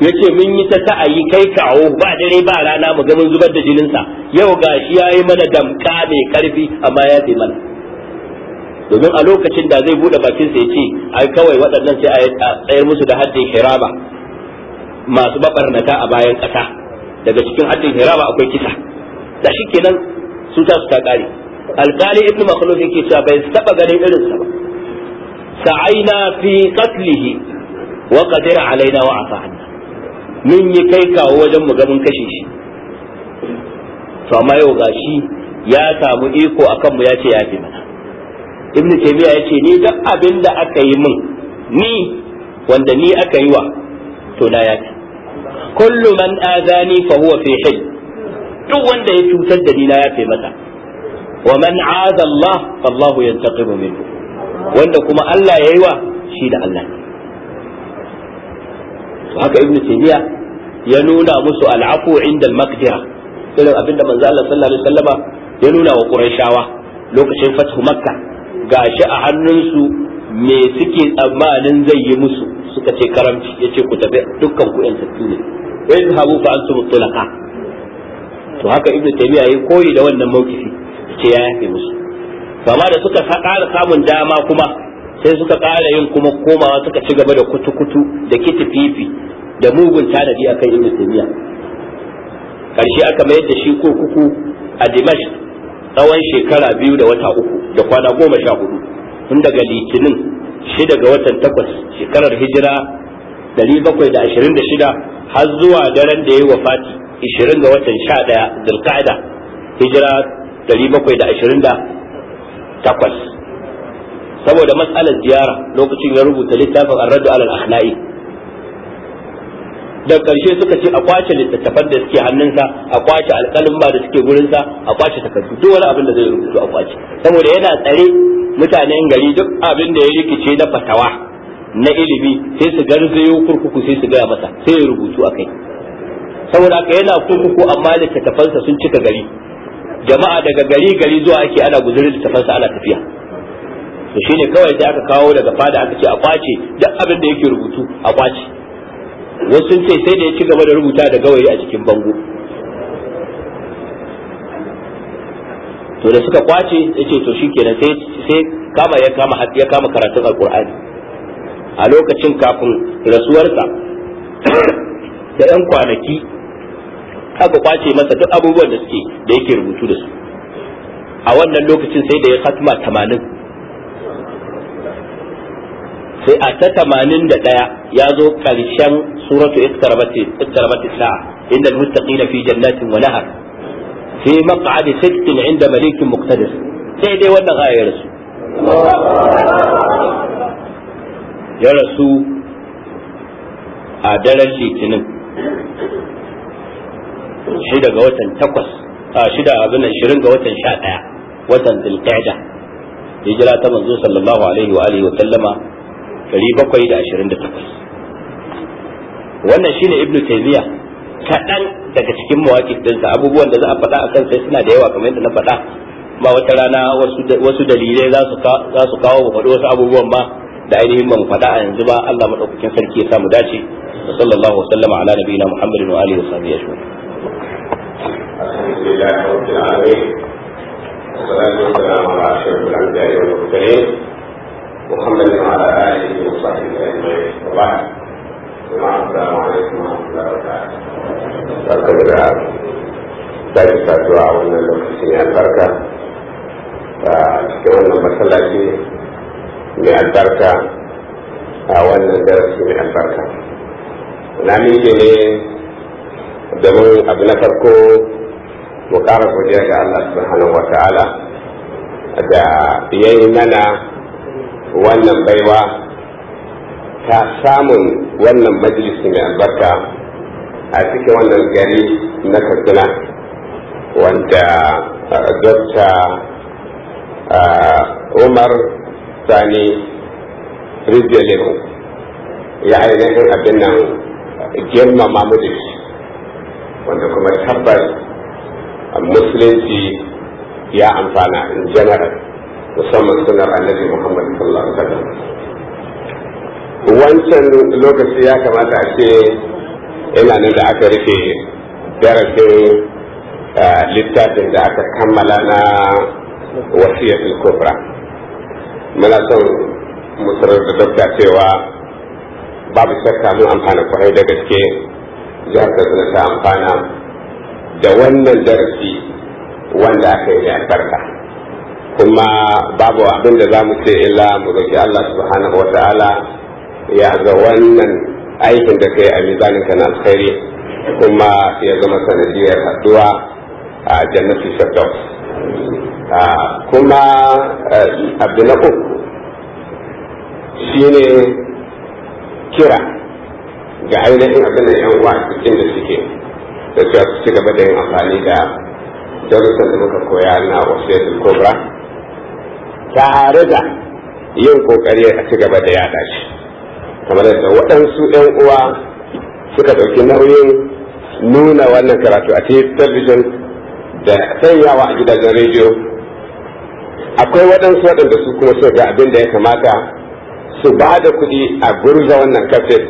yace mun yi ta sa'ayi kai kawo ba dare ba rana mu ga zubar da jinin sa yau ya yi mana damka mai karfi amma ya fi mana domin a lokacin da zai bude bakin sa ce ai kawai waɗannan sai a tsayar musu da haddin hiraba masu babarnata a bayan ƙasa daga cikin haddin hiraba akwai kisa da shikenan su ta su ta kare alkali ibnu makhluf yake cewa bai taba ganin irin sa ba sa'aina fi qatlihi wa qadira alaina wa afa mun yi kai kawo wajen mu mun kashe shi to amma yau gashi ya samu iko akan mu ya ce ya fi mana ibn taymiya ya ce ni duk abin da aka yi min ni wanda ni aka yi wa to na ya fi kullu man azani fa huwa fi hil duk wanda ya cutar da ni na ya fi masa wa man aza Allah fallahu yantaqimu minhu wanda kuma Allah yayi wa shi da Allah ne haka ibnu taymiya ya nuna musu al'afu inda al-maqdira irin abinda manzo Allah sallallahu alaihi wasallama ya nuna wa quraishawa lokacin fathu makka gashi a hannunsu me suke tsammanin zai yi musu suka ce karamci yace ku tafi dukkan ku yan tattu ne habu fa antum tulaka to haka ibnu taymiya yayi koyi da wannan mawkifi ce ya yafe musu amma da suka ƙara samun dama kuma sai suka ƙara yin kuma komawa suka ci gaba da kutu-kutu da kitififi da mugun tanadi akan ibn taymiya karshe aka mayar da shi kuku a dimash tsawon shekara biyu da wata uku da kwana goma sha hudu tun daga litinin shida ga watan takwas shekarar hijira dari bakwai da ashirin da shida har zuwa daren da ya yi wafati ashirin ga watan sha daya zulka'ada hijira dari bakwai da ashirin da takwas saboda matsalar ziyara lokacin ya rubuta littafin arraddu alal akhla'i da karshe suka ce a kwace littattafan da suke hannunsa a kwace alƙalin ba da suke gurinsa a kwace takardu duk wani abin da zai rubutu a kwace saboda yana tsare mutanen gari duk abin da ya rikice na fatawa na ilimi sai su garzayo kurkuku sai su gaya masa sai ya rubutu a kai saboda haka yana kurkuku amma littattafansa sun cika gari jama'a daga gari gari zuwa ake ana guzurin littattafansa ana tafiya to shine kawai sai aka kawo daga fada aka ce a kwace duk abin da yake rubutu a kwace wasu sun ce sai da ya ci gaba da rubuta da gawayi a cikin bango to da suka kwace ce to shi sai sai kama ya kama ya kama karatun alqur'ani a lokacin kafin rasuwarsa da yan kwanaki aka kwace masa duk abubuwan da suke da yake rubutu da su a wannan lokacin sai da ya khatma 80 sai a ta tamanin da ɗaya ya zo ƙarshen suratu iktarabatis sa'a inda almuttaqina fi jannatin wa nahar fi maq'adi sidqin inda malikin muqtadir sai dai wannan aya ya rasu ya rasu a daren litinin shida ga watan takwas a shida abin nan shirin ga watan sha ɗaya watan dilkaida hijira ta manzo sallallahu alaihi wa alihi wa sallama 728 wannan shine ibnu taymiya kaɗan daga cikin mawaƙif dinsa abubuwan da za a faɗa a kan sai suna da yawa kamar yadda na faɗa ba wata rana wasu dalilai za su kawo mu faɗi wasu abubuwan ba da ainihin ban faɗa a yanzu ba Allah madaukakin sarki ya sa mu dace wa sallallahu wasallama ala nabiyina muhammadin wa alihi wa sahbihi ajma'in alhamdulillahi rabbil alamin والصلاة والسلام على أشرف الأنبياء والمرسلين محمد وعلى آله وصحبه أجمعين وبعد السلام عليكم ورحمة الله وبركاته da sake a wannan lokacin ya a cikin wannan masallaci mai albarka a wannan darasi mai albarka na ne domin abu na farko mu ƙara godiya ga Allah subhanahu wa ta'ala da yayi mana wannan baiwa ta samun wannan majalisi mai albarka a cikin wannan gari na kaduna wanda uh, Dr. Uh, umar sani rijiyar ya ainihin abin nan girmama mu wanda kuma tabbas uh, musulunci ya amfana in general musamman suna annabi Muhammad sallallahu alaihi wasallam wancan lokaci ya kamata a ce ina nan da aka rufe darasin littafin da aka kammala na wasiyatul kubra muna son musarar da dokta cewa babu shakka mun amfana kwarai da gaske jihar katsina ta amfana da wannan darasi wanda aka yi da albarka kuma babu abin da za mu ce illa mu roki Allah subhanahu wata'ala ya ga wannan aikin da kai a mizanin ka na alkhairi kuma ya zama sanadiyar haduwa a jannatin firdaus kuma eh, abu na uku shine kira ga ainihin abin da yan uwa cikin da suke da su ci gaba da yin amfani da darussan da muka koya na wasu kobra tare da yin kokari a ci gaba da yada shi kamar da waɗansu 'yan uwa suka ɗauki nauyin nuna wannan karatu a television da sanyawa a gidajen rediyo akwai waɗansu waɗanda su kuma suka ga abin da ya kamata su ba da kuɗi a gurza wannan kafin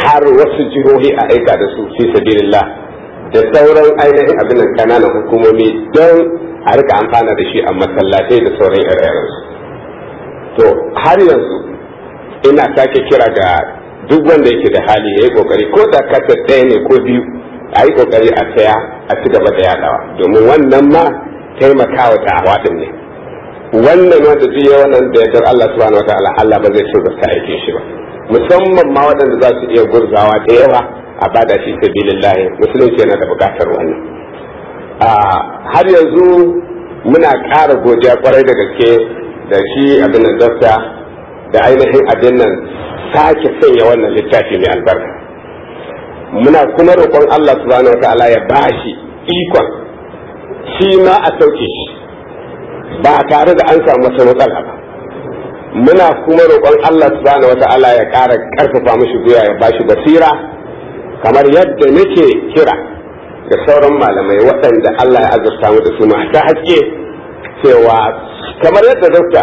har wasu jihohi a aika da su fi sabilillah da sauran ainihin abin kananan hukumomi don a rika amfana da shi a masallatai da sauran ire to har yanzu ina sake kira ga duk wanda yake da hali ya yi kokari ko da kasar ɗaya ne ko biyu a yi kokari a saya a ci gaba da yadawa domin wannan ma taimakawa da awadin ne wannan wanda zai yi wannan da yardar Allah subhanahu wa ta'ala Allah ba zai shirya aikin shi ba musamman ma waɗanda za su iya gurzawa da yawa a bada shi sabilillahi musulunci yana da buƙatar wannan har yanzu muna ƙara godiya kwarai da gaske da shi abin da da ainihin abin nan sake sanya wannan littafi mai albarka muna kuma roƙon Allah subhanahu wataala ya shi ikon shi ma a sauke shi ba tare da an samu wata matsala ba muna kuma roƙon Allah subhanahu wataala ya ƙara ƙarfafa mashi guya ya bashi basira kamar yadda nake kira da sauran malamai waɗanda Allah ya azurta mu da suna ta haske cewa kamar yadda dokta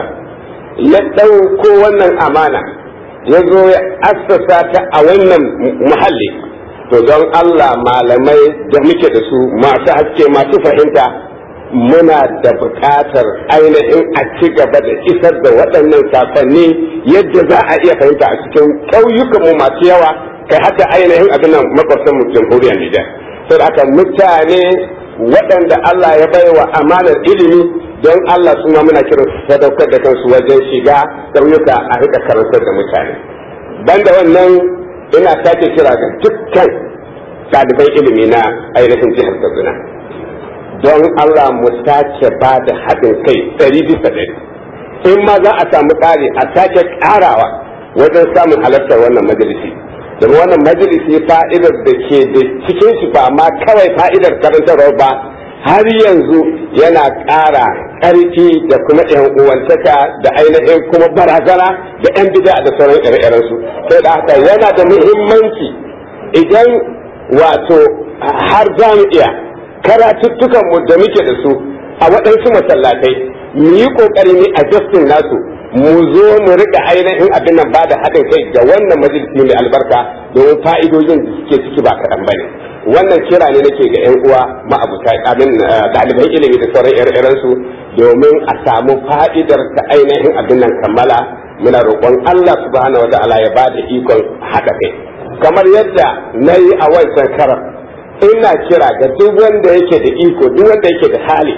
ya ɗauko wannan amana ya zo ya assasa ta a wannan muhalli to don Allah malamai da muke da su masu haske masu fahimta muna da buƙatar ainihin a ci gaba da isar da waɗannan safanni yadda za a iya fahimta a cikin ƙauyukanmu masu yawa kai haka ainihin abin nan makwabtan mu jamhuriyar Nijar. sai aka mutane waɗanda Allah ya bai wa amanar ilimi don Allah su ma muna kiran sadaukar da kansu wajen shiga ƙauyuka a rika karantar da mutane banda wannan ina sake kira ga dukkan ɗaliban ilimi na ainihin jihar Kaduna don Allah mu sake ba da haɗin kai ɗari bisa ɗari in ma za a samu ƙari a sake ƙarawa wajen samun halartar wannan majalisi daga wannan majalisi fa'idar da ke da cikin shi ba ma kawai fa'idar karantarwa ba har yanzu yana ƙara ƙarfi da kuma yan uwantaka da ainihin kuma barazana da yan bida da sauran ire-iren sai da haka yana da muhimmanci idan wato har za iya karatuttukan mu da muke da su a waɗansu masallatai mu yi ƙoƙari ne a justin nasu mu zo mu rika ainihin abin nan ba da haɗin kai ga wannan majalisi mai albarka domin fa'idojin da suke ciki ba kaɗan ba ne wannan kira ne nake ga 'yan uwa ma'abuta amin eh, ɗaliban ilimi da sauran ire su domin a samu fa'idar ta ainihin abin nan kammala muna roƙon Allah subhanahu wataala ya ba da ikon haɗa kai kamar yadda na yi a wancan karar ina kira ga duk wanda yake da iko duk wanda yake da hali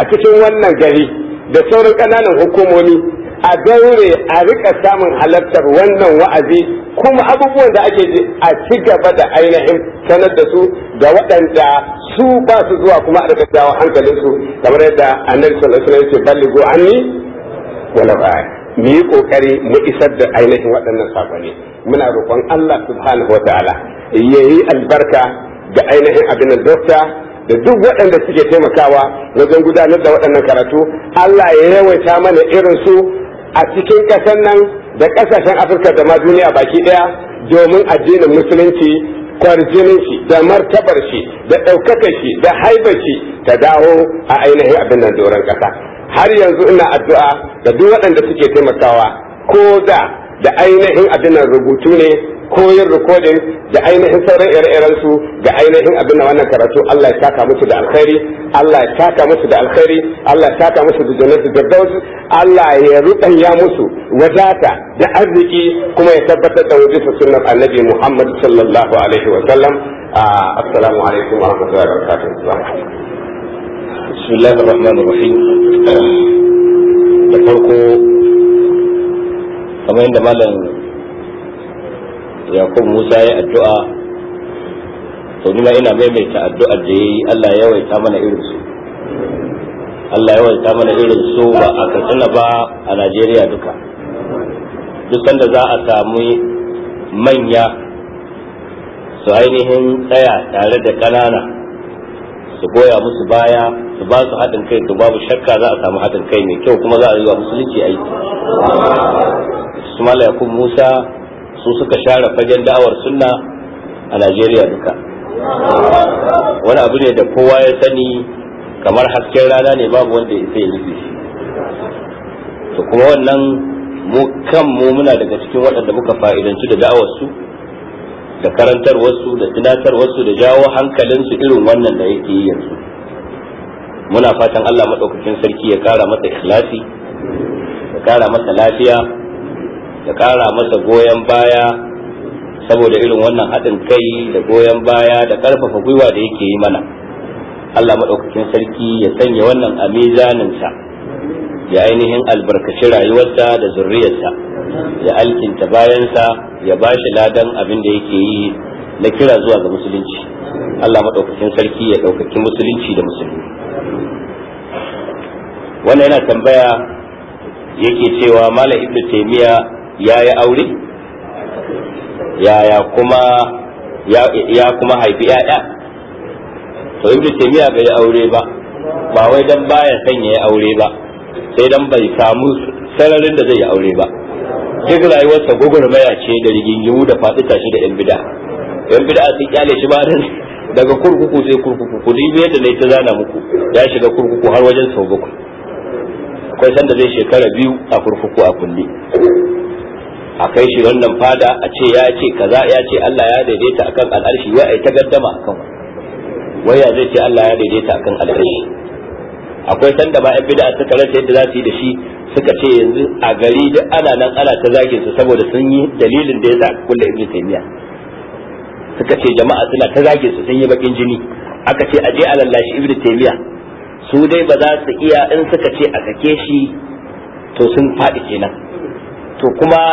a cikin wannan gari da sauran ƙananan hukumomi a daure a rika samun halartar wannan wa'azi kuma abubuwan da ake ji a ci gaba da ainihin sanar da su ga waɗanda su ba su zuwa kuma a rika jawo hankalinsu kamar yadda annabi sallallahu alaihi wasallam yake an anni wala ba'a mu yi kokari mu isar da ainihin waɗannan sakonni muna roƙon Allah subhanahu wataala ya yi albarka ga ainihin abin da da duk waɗanda suke taimakawa wajen gudanar da waɗannan karatu Allah ya yawaita mana irin su a cikin ƙasar nan da ƙasashen afirka da ma duniya baki ɗaya domin addinin musulunci kwarjinin shi da martabar shi da ɗaukakar shi da haibar shi ta dawo a ainihin abin nan doron ƙasa har yanzu ina addu'a da duk waɗanda suke taimakawa ko da da ainihin abin nan rubutu ne ko rikodin da ainihin sauran ire-iren su ga ainihin abin da wannan karatu Allah ya taka musu da alkhairi Allah ya taka musu da alkhairi Allah ya taka musu da jannatul firdaus Allah ya rubanya musu wadata da arziki kuma ya tabbatar da wajibu sunnar annabi Muhammad sallallahu alaihi wa sallam ah, assalamu alaikum wa rahmatullahi wa barakatuh بسم الله الرحمن da farko kamar yadda malam yakub musa ya addu'a to nuna ina maimaita addu'ar da yayi Allah ya waita mana irin su Allah ya waita mana irin su ba a katsina ba a Najeriya duka duk sanda za a samu manya su ainihin tsaya tare da ƙanana su goya musu baya su ba su haɗin kai to babu shakka za a samu haɗin kai mai kyau kuma za a yi wa musulunci aiki su mala yakub musa su suka share fagen da'awar sunna a Najeriya duka wani abu ne da kowa ya sani kamar hasken rana ne babu wanda ya sai nufi to kuma wannan mu kanmu muna daga cikin waɗanda muka fa'idanci da da'awarsu da karantarwarsu da tunatarwarsu da jawo hankalinsu irin wannan da yake yi yanzu muna fatan Allah maɗaukakin sarki ya kara masa ikhlasi ya kara masa lafiya da ƙara masa goyon baya saboda irin wannan haɗin kai da goyon baya da ƙarfafa gwiwa da yake yi mana Allah maɗaukakin sarki ya sanya wannan a mizaninsa ya ainihin albarkaci rayuwarsa da zurriyarsa ya alkinta bayansa ya ba shi ladan abin da yake yi na kira zuwa ga musulunci Allah maɗaukakin sarki ya ɗaukaki musulunci da musulmi wannan yana tambaya yake cewa malam ibnu taymiya yayi aure yaya kuma ya kuma haifi ya'ya to ibnu taymiya bai yi aure ba ba wai dan baya ya yayi aure ba sai dan bai samu sararin da zai yi aure ba duk rayuwarsa maya ce da rigingimu da fadi tashi da yan bida yan bida sun kyale shi ba daga kurkuku sai kurkuku ku dubi yadda na ta zana muku ya shiga kurkuku har wajen sau bakwai akwai sanda zai shekara biyu a kurkuku a kulle a kai shi wannan fada a ce ya ce kaza ya ce Allah ya daidaita akan al'arshi wai ai ta gaddama akan wai ya zai ce Allah ya daidaita akan al'arshi akwai sanda ba yan bid'a suka rasa yadda za su yi da shi suka ce yanzu a gari duk ana nan ana ta zage su saboda sun yi dalilin da ya sa kulle ibnu taymiya suka ce jama'a suna ta zage su sun yi bakin jini aka ce aje a lallashi ibnu taymiya su dai ba za su iya in suka ce a sake shi to sun faɗi kenan to kuma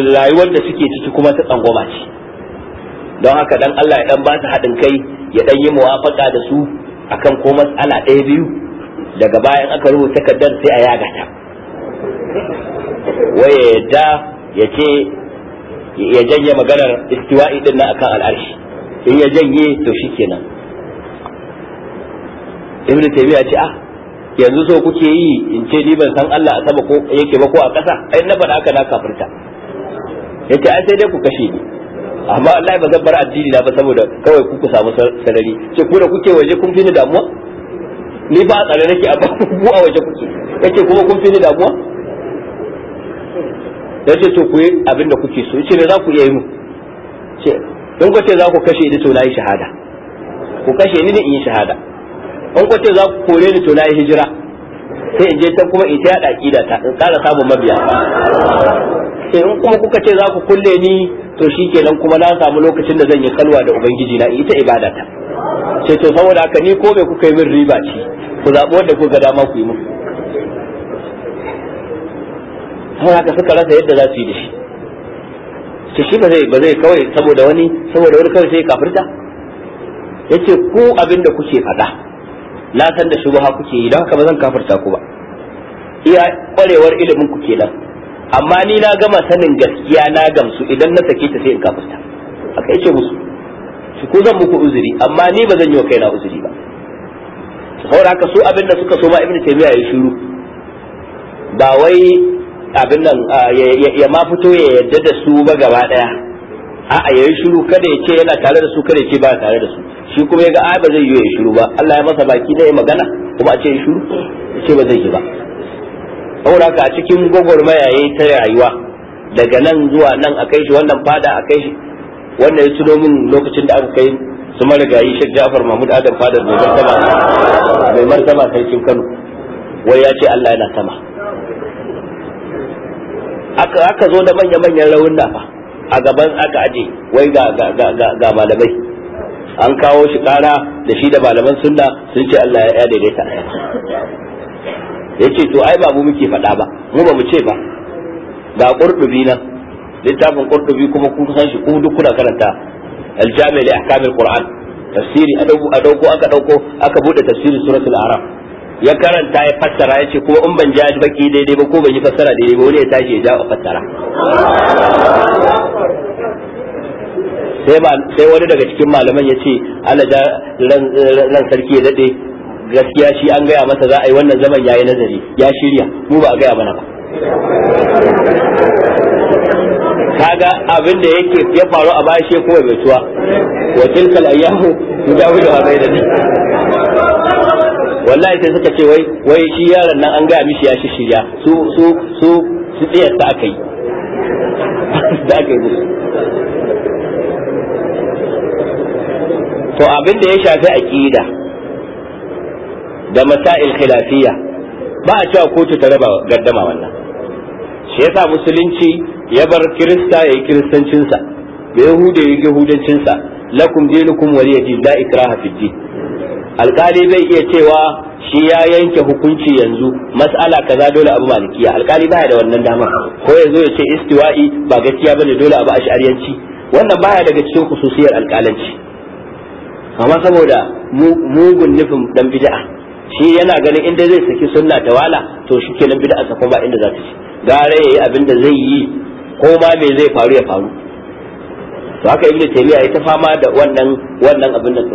rayuwar da suke ciki kuma ta tsangwama ce don haka dan Allah ya dan ba su haɗin kai ya dan yi muwafaka da su akan ko matsala ɗaya biyu daga bayan aka rubuta takardar sai a yaga ta waye yadda ya ce ya janye maganar istiwa'i din nan akan al'arshi in ya janye to shikenan ibnu taymiya ce ah yanzu so kuke yi in ce ni ban san Allah a sama ko yake ba ko a ƙasa ai na faɗa haka na kafirta yace ai sai dai ku kashe ni amma Allah ba zan bar addini na ba saboda kawai ku ku samu sarari ce ku da kuke waje kun fi ni damuwa ni ba a tsare nake amma ku a waje kuke yace kuma kun fi ni damuwa yace to ku yi abin da kuke so yace ne za ku iya yi mu ce in ku ce za ku kashe ni to na yi shahada ku kashe ni ne in yi shahada in ku ce za ku kore ni to na yi hijira sai in je ta kuma in ta aqida ta in ƙara samun mabiya eh, in kuma kuka ce za ku kulle ni to shikenan kuma na samu lokacin da zan yi kalwa da ubangiji na ita ibada ta ce to saboda haka ni ko me kuka yi min riba ce ku zaɓi wanda kuka dama ku yi min sai haka suka rasa yadda za su yi da shi Sai shi ba zai ba zai kawai saboda wani saboda wani kawai sai kafirta yace ku abin da kuke faɗa na san da shugaba kuke yi don haka ba zan kafirta ku ba iya kwarewar ilimin ku kenan amma ni na gama sanin gaskiya na gamsu idan na sake ta sai in kafirta haka yake musu su ku zan muku uzuri amma ni ba zan yi wa kaina uzuri ba saboda haka su abin da suka so ma ibnu taymiya ya shiru ba wai abin nan ya ma fito ya yadda da su ba gaba daya a'a yayi shiru kada ya ce yana tare da su kada ya ce ba tare da su shi kuma ya ga ai ba zai yi ya shiru ba Allah ya masa baki da ya magana kuma a ce ya shiru ya ce ba zai yi ba saboda ka a cikin gwagwarmaya yi ta rayuwa daga nan zuwa nan a kai shi wannan fada a kai shi wannan ya tuno min lokacin da aka kai su marigayi Sheikh Ja'far Mahmud Adam fadar mai martaba mai martaba sarkin Kano wai ya ce Allah yana sama aka zo da manya-manyan rawun fa a gaban aka aje wai ga malamai an kawo shi kara da shi da malaman sunna sun ce Allah ya daidaita yace to ai ba mu muke faɗa ba mu ba mu ce ba ga qurtubi nan littafin qurtubi kuma kun san shi ku duk kuna karanta al-jami' Ƙur'an quran tafsiri a dauko aka dauko aka bude tafsirin suratul araf ya karanta ya fassara ya ce kuma in ban ja baki daidai ba ko ban yi fassara daidai ba wani ya tashi ya ja a fassara sai wani daga cikin malaman ya ce ala ran sarki ya daɗe gaskiya shi an gaya masa za a yi wannan zaman ya yi nazari ya shirya mu ba a gaya mana ba kaga abin da yake ya faru a baya shi kuma bai tuwa wa tilkal bai da ni. wallahi sai suka ce wai wai shi yaron nan an gaya mishi ya shi shirya su su su su tsiyarsa ta kai da kai to abin da ya shafi aqida da masail khilafiyya ba a cewa kotu ta raba gaddama wannan shi yasa musulunci ya bar kirista ya yi kiristancinsa da yahuda yi yahudancin sa lakum dinukum waliya din la ikraha fid din alkali bai iya cewa shi ya yanke hukunci yanzu mas'ala kaza dole abu malikiya alkali baya da wannan dama ko zo ya ce istiwa'i ba gaskiya bane dole abu ash'ariyanci wannan baya daga cikin khususiyar alkalanci amma saboda mugun nufin dan bid'a shi yana ganin inda zai saki sunna ta wala to shi kenan bid'a ta ba inda za ta ci gara yayi abin da zai yi ko ma me zai faru ya faru to haka ibnu taymiya ya ta fama da wannan wannan abin nan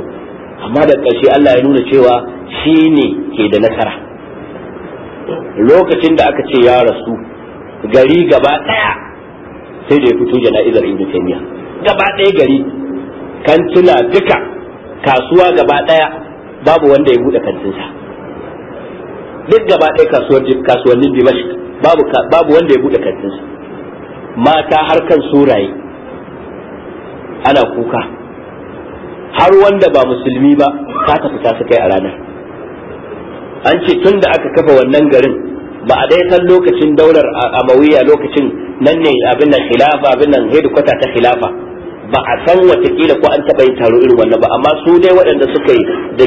amma da ƙarshe Allah ya nuna cewa shi ne ke da nasara lokacin da aka ce ya rasu gari gaba daya sai da ya fito jana'izar ibnu taymiya gaba daya gari kantuna duka kasuwa gaba daya babu wanda ya bude kantinsa duk gaba daya kasuwar kasuwannin Dimashq babu babu wanda ya bude kantinsa mata har kan suraye ana kuka har wanda ba musulmi ba ta tafi ta kai a ranar an ce tun da aka kafa wannan garin ba a dai san lokacin daular amawiya lokacin nan ne abin nan khilafa abin nan hedikwata ta khilafa ba a san watakila ko an taɓa yin taro irin wannan ba amma su dai waɗanda suka yi da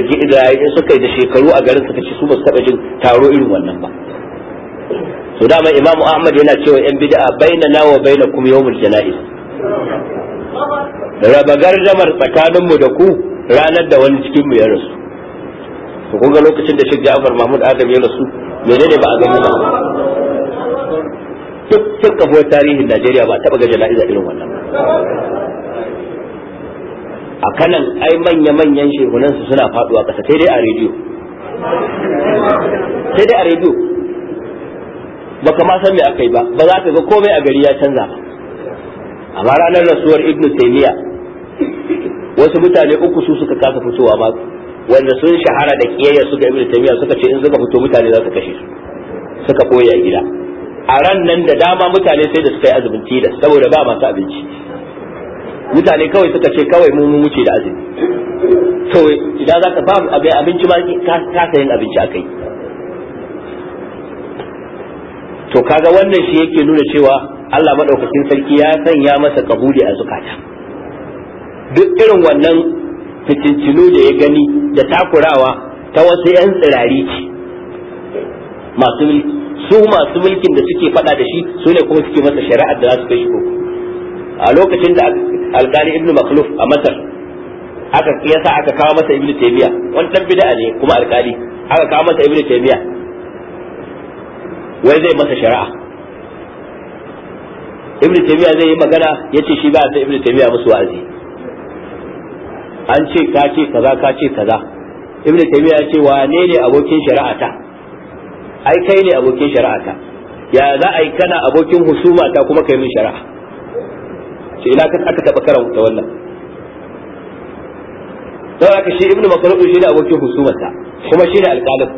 suka yi da shekaru a garin suka ce su ba su taɓa jin taro irin wannan ba to dama imamu ahmad yana cewa yan bid'a bainana wa bainakum yawmul janaiz raba gardamar tsakaninmu da ku ranar da wani cikin mu ya rasu ku kun ga lokacin da Sheikh Ja'far Mahmud Adam ya rasu menene ba a gani ba duk duk kafuwar tarihin Najeriya ba taba ga jana'iza irin wannan a kanan ai manya-manyan shehunan su suna faduwa kasa sai dai a rediyo sai dai a rediyo baka ma san me aka yi ba ba za ka ga komai a gari ya canza ba ma ranar rasuwar ibn taymiya wasu mutane uku su suka kasa fitowa ba wanda sun shahara da kiyayya suka ibn taymiya suka ce in suka fito mutane za su kashe su suka koya gida a ran nan da dama mutane sai da suka yi azumin tilas saboda ba masu abinci mutane kawai suka ce kawai mu muce da azumi to idan za ka ba abinci ma ka sayin abinci akai to kaga wannan shi yake nuna cewa Allah madaukakin sarki ya sanya masa kabuli a zukata duk irin wannan fitincinu da ya gani da takurawa ta wasu 'yan tsirari ce masu mulki su masu mulkin da suke fada da shi su ne kuma suke masa shari'ar da za su kai shi koko a lokacin da alkali ibnu makhluf a masar aka yasa aka kawo masa ibnu taymiya wani dan bid'a ne kuma alkali aka kawo masa ibnu taymiya wai zai masa shari'a ibn taymiya zai yi magana yace shi ba sai ibn taymiya musu wa'azi an ce ka ce kaza ka ce kaza ibn taymiya ya ce wane ne abokin shari'ata ai kai ne abokin shari'ata ya za a yi kana abokin husuma ta kuma kai min shari'a ce ila ka aka taba ta wannan don aka shi ibn makarubin shi ne abokin ta kuma shi ne alƙalin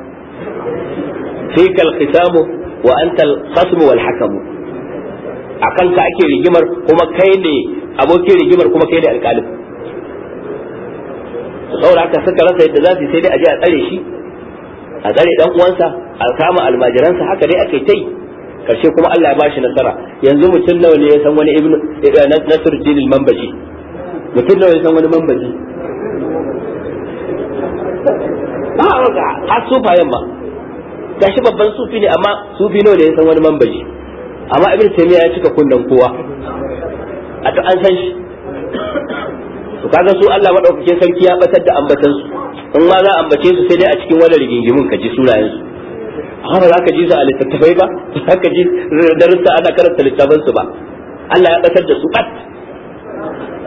fi kal khitamu wa antal khasm wal hakamu akan ka ake rigimar kuma kai ne abokin rigimar kuma kai ne alƙalin saboda haka suka rasa yadda za su sai dai a a tsare shi a tsare dan uwansa a kama almajiransa haka dai ake tai karshe kuma Allah ya bashi nasara yanzu mutum nawa ne ya san wani ibnu eh, nasruddin al-manbaji mutum nawa ya san wani manbaji ba a har sufayen ma gashi babban sufi ne amma sufi nawa ne ya san wani mambaji amma ibn taymiya ya cika kunnan kowa a to an san shi to kaga su Allah madaukakin sarki ya batar da ambatan su in ma za a ambace su sai dai a cikin wani rigingimin ka ji sunayen su amma ba za ka ji su a littattafai ba za ka ji darussa ana karanta littafan su ba Allah ya batar da su bat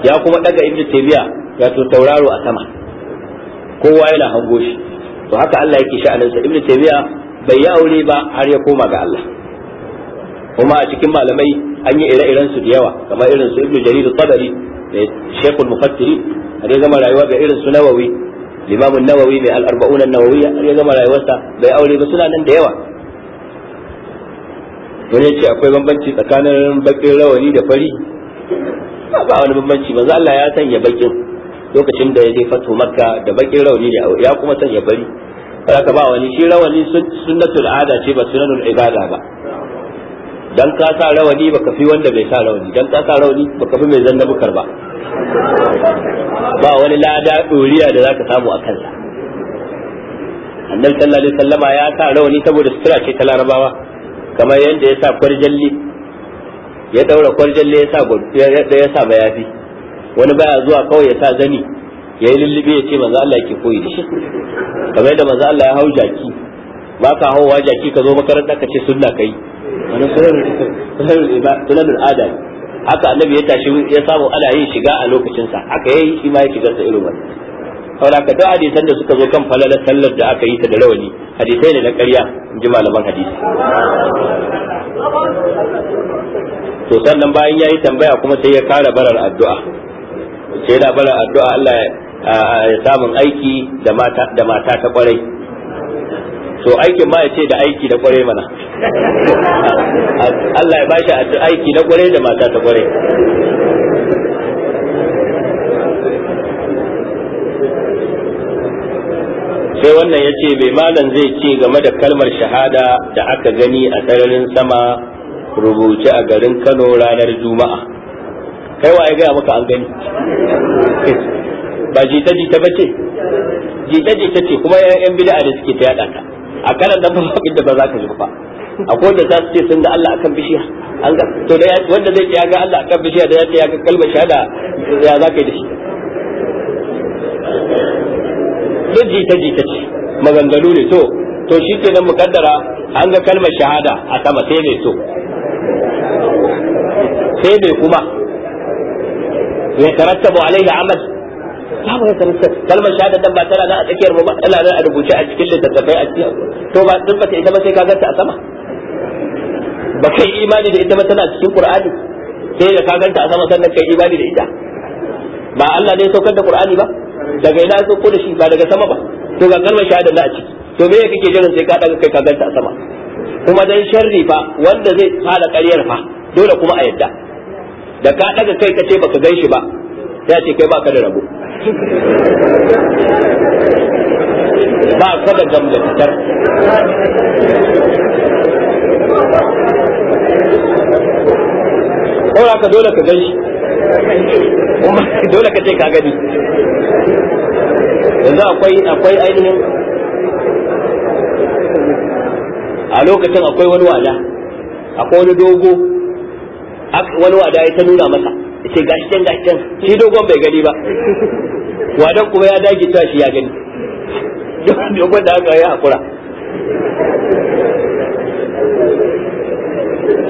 ya kuma daga ibn taymiya ya to tauraro a sama kowa yana hango shi to haka Allah yake sha'anin sa ibn taymiya bai yi aure ba har ya koma ga Allah kuma a cikin malamai an yi ire-iren su da yawa kamar irin su Ibn Jarir al-Tabari da Sheikh al-Mufassiri har ya zama rayuwa ga irin su Nawawi Imam nawawi mai al-Arba'un an-Nawawi har ya zama rayuwarsa bai aure ba suna nan da yawa wani ce akwai bambanci tsakanin bakin rawani da fari ba wani bambanci manzo Allah ya sanya bakin lokacin da ya je fatu makka da bakin rawani ne ya kuma sanya fari ka ba wani shi rawani sunnatul ada ce ba sunanul ibada ba dan ka sa rawani baka fi wanda bai sa rawani dan ka sa rawani baka fi mai zanna bukar ba ba wani lada doriya da zaka samu a kansa annabi sallallahu alaihi wasallama ya sa rawani saboda sutura ce ta larabawa kamar yadda ya sa kwarjalli ya daura kwarjalli ya sa ya sa mayafi wani baya zuwa kawai ya sa zani ya yi lullube ya ce manzo Allah yake koyi da shi kamar yadda manzo Allah ya hau jaki ba ka hau wa jaki ka zo makaranta ka ce sunna kai wani sunan al'ada haka annabi ya tashi ya samu ana yin shiga a lokacin sa haka yayi shi ma ya shiga sa irin wani saboda ka duk hadisan da suka zo kan falalar sallar da aka yi ta da rawani hadisai ne na ƙarya in ji malaman hadisi to sannan bayan ya yi tambaya kuma sai ya kara barar addu'a sai da barar addu'a Allah samun aiki da mata ta kwarai to aikin ma ya ce da aiki da kwarai mana Allah ya bashi aiki na kwarai da mata ta kwarai sai wannan ya ce bai malam zai ce game da kalmar shahada da aka gani a sararin sama rubuce a garin kano ranar juma'a kai wa ya gaya maka an gani ba jita jita ba ce jita jita ce kuma yan bid'a da suke ta yada ta a kanan da ba abin da ba za ka ji ba akwai wanda za su ce sun da Allah akan bishiya an ga to da wanda zai ce ya ga Allah akan bishiya da ya ce ya ga kalmar shahada ya za ka yi da shi duk jita jita ce maganganu ne to to shi ke nan mukaddara an ga kalmar shahada a sama sai ne so sai ne kuma ya tarattabu alaihi amal babu haka kalmar shahada dan ba tana nan a tsakiyar mu ba tana nan a rubuce a cikin littattafai a cikin to ba duk ba ta ita ba sai ka ganta a sama ba kai imani da ita ba tana cikin qur'ani sai da ka ganta a sama sannan kai imani da ita ba Allah ne ya saukar da qur'ani ba daga ina ya ko da shi ba daga sama ba to ga kalmar shahada na a ciki to me kake jiran sai ka daga kai ka ganta a sama kuma dan sharri fa wanda zai fara ƙaryar fa dole kuma a yadda da ka daga kai ka ce baka gan shi ba ya ce kai baka da rabo ba ka da gamgantar ora ka dole ka gani, kuma dole ka ce ka gani. Yanzu akwai akwai ainihin a lokacin akwai wani wada, akwai wani dogo, wani wada ya ta nuna masa. ce gashi can gashi can shi dogon bai gani ba wadan kuma ya dage ta shi ya gani dogon da aka yi hakura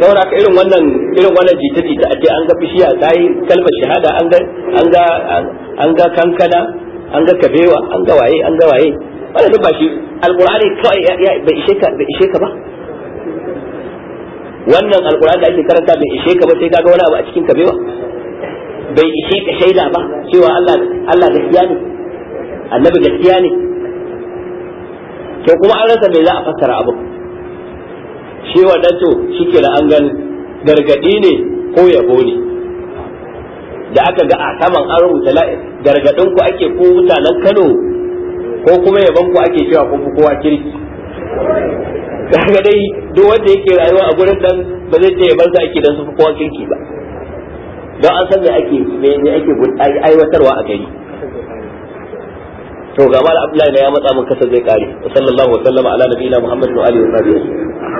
saboda ka irin wannan irin wannan jita jita a ce an ga bishiya ta yi kalmar shahada an ga an ga an ga kankana an ga kabewa an ga waye an ga waye wannan duk ba shi alqur'ani kawai ya bai ishe ka bai ishe ka ba wannan alqur'ani da ake karanta bai ishe ka ba sai kaga wani abu a cikin kabewa bai ishe ka shaida ba cewa Allah gaskiya ne annabi gaskiya ne to kuma an rasa bai za a fassara abu shi dan to ke da an gani gargadi ne ko yabo ne da aka ga a saman an rubuta gargadin ku ake ko mutanen Kano ko kuma yabon ku ake cewa ku kowa kirki kaga dai duk wanda yake rayuwa a gurin dan ba zai ce yaban sa ake dan su kowa kirki ba don an san me ake me ake aiwatarwa a gari to ga mal abdullahi ne ya matsa mun kasa zai kare sallallahu alaihi wa sallama ala nabiyina muhammadin wa alihi wa sahbihi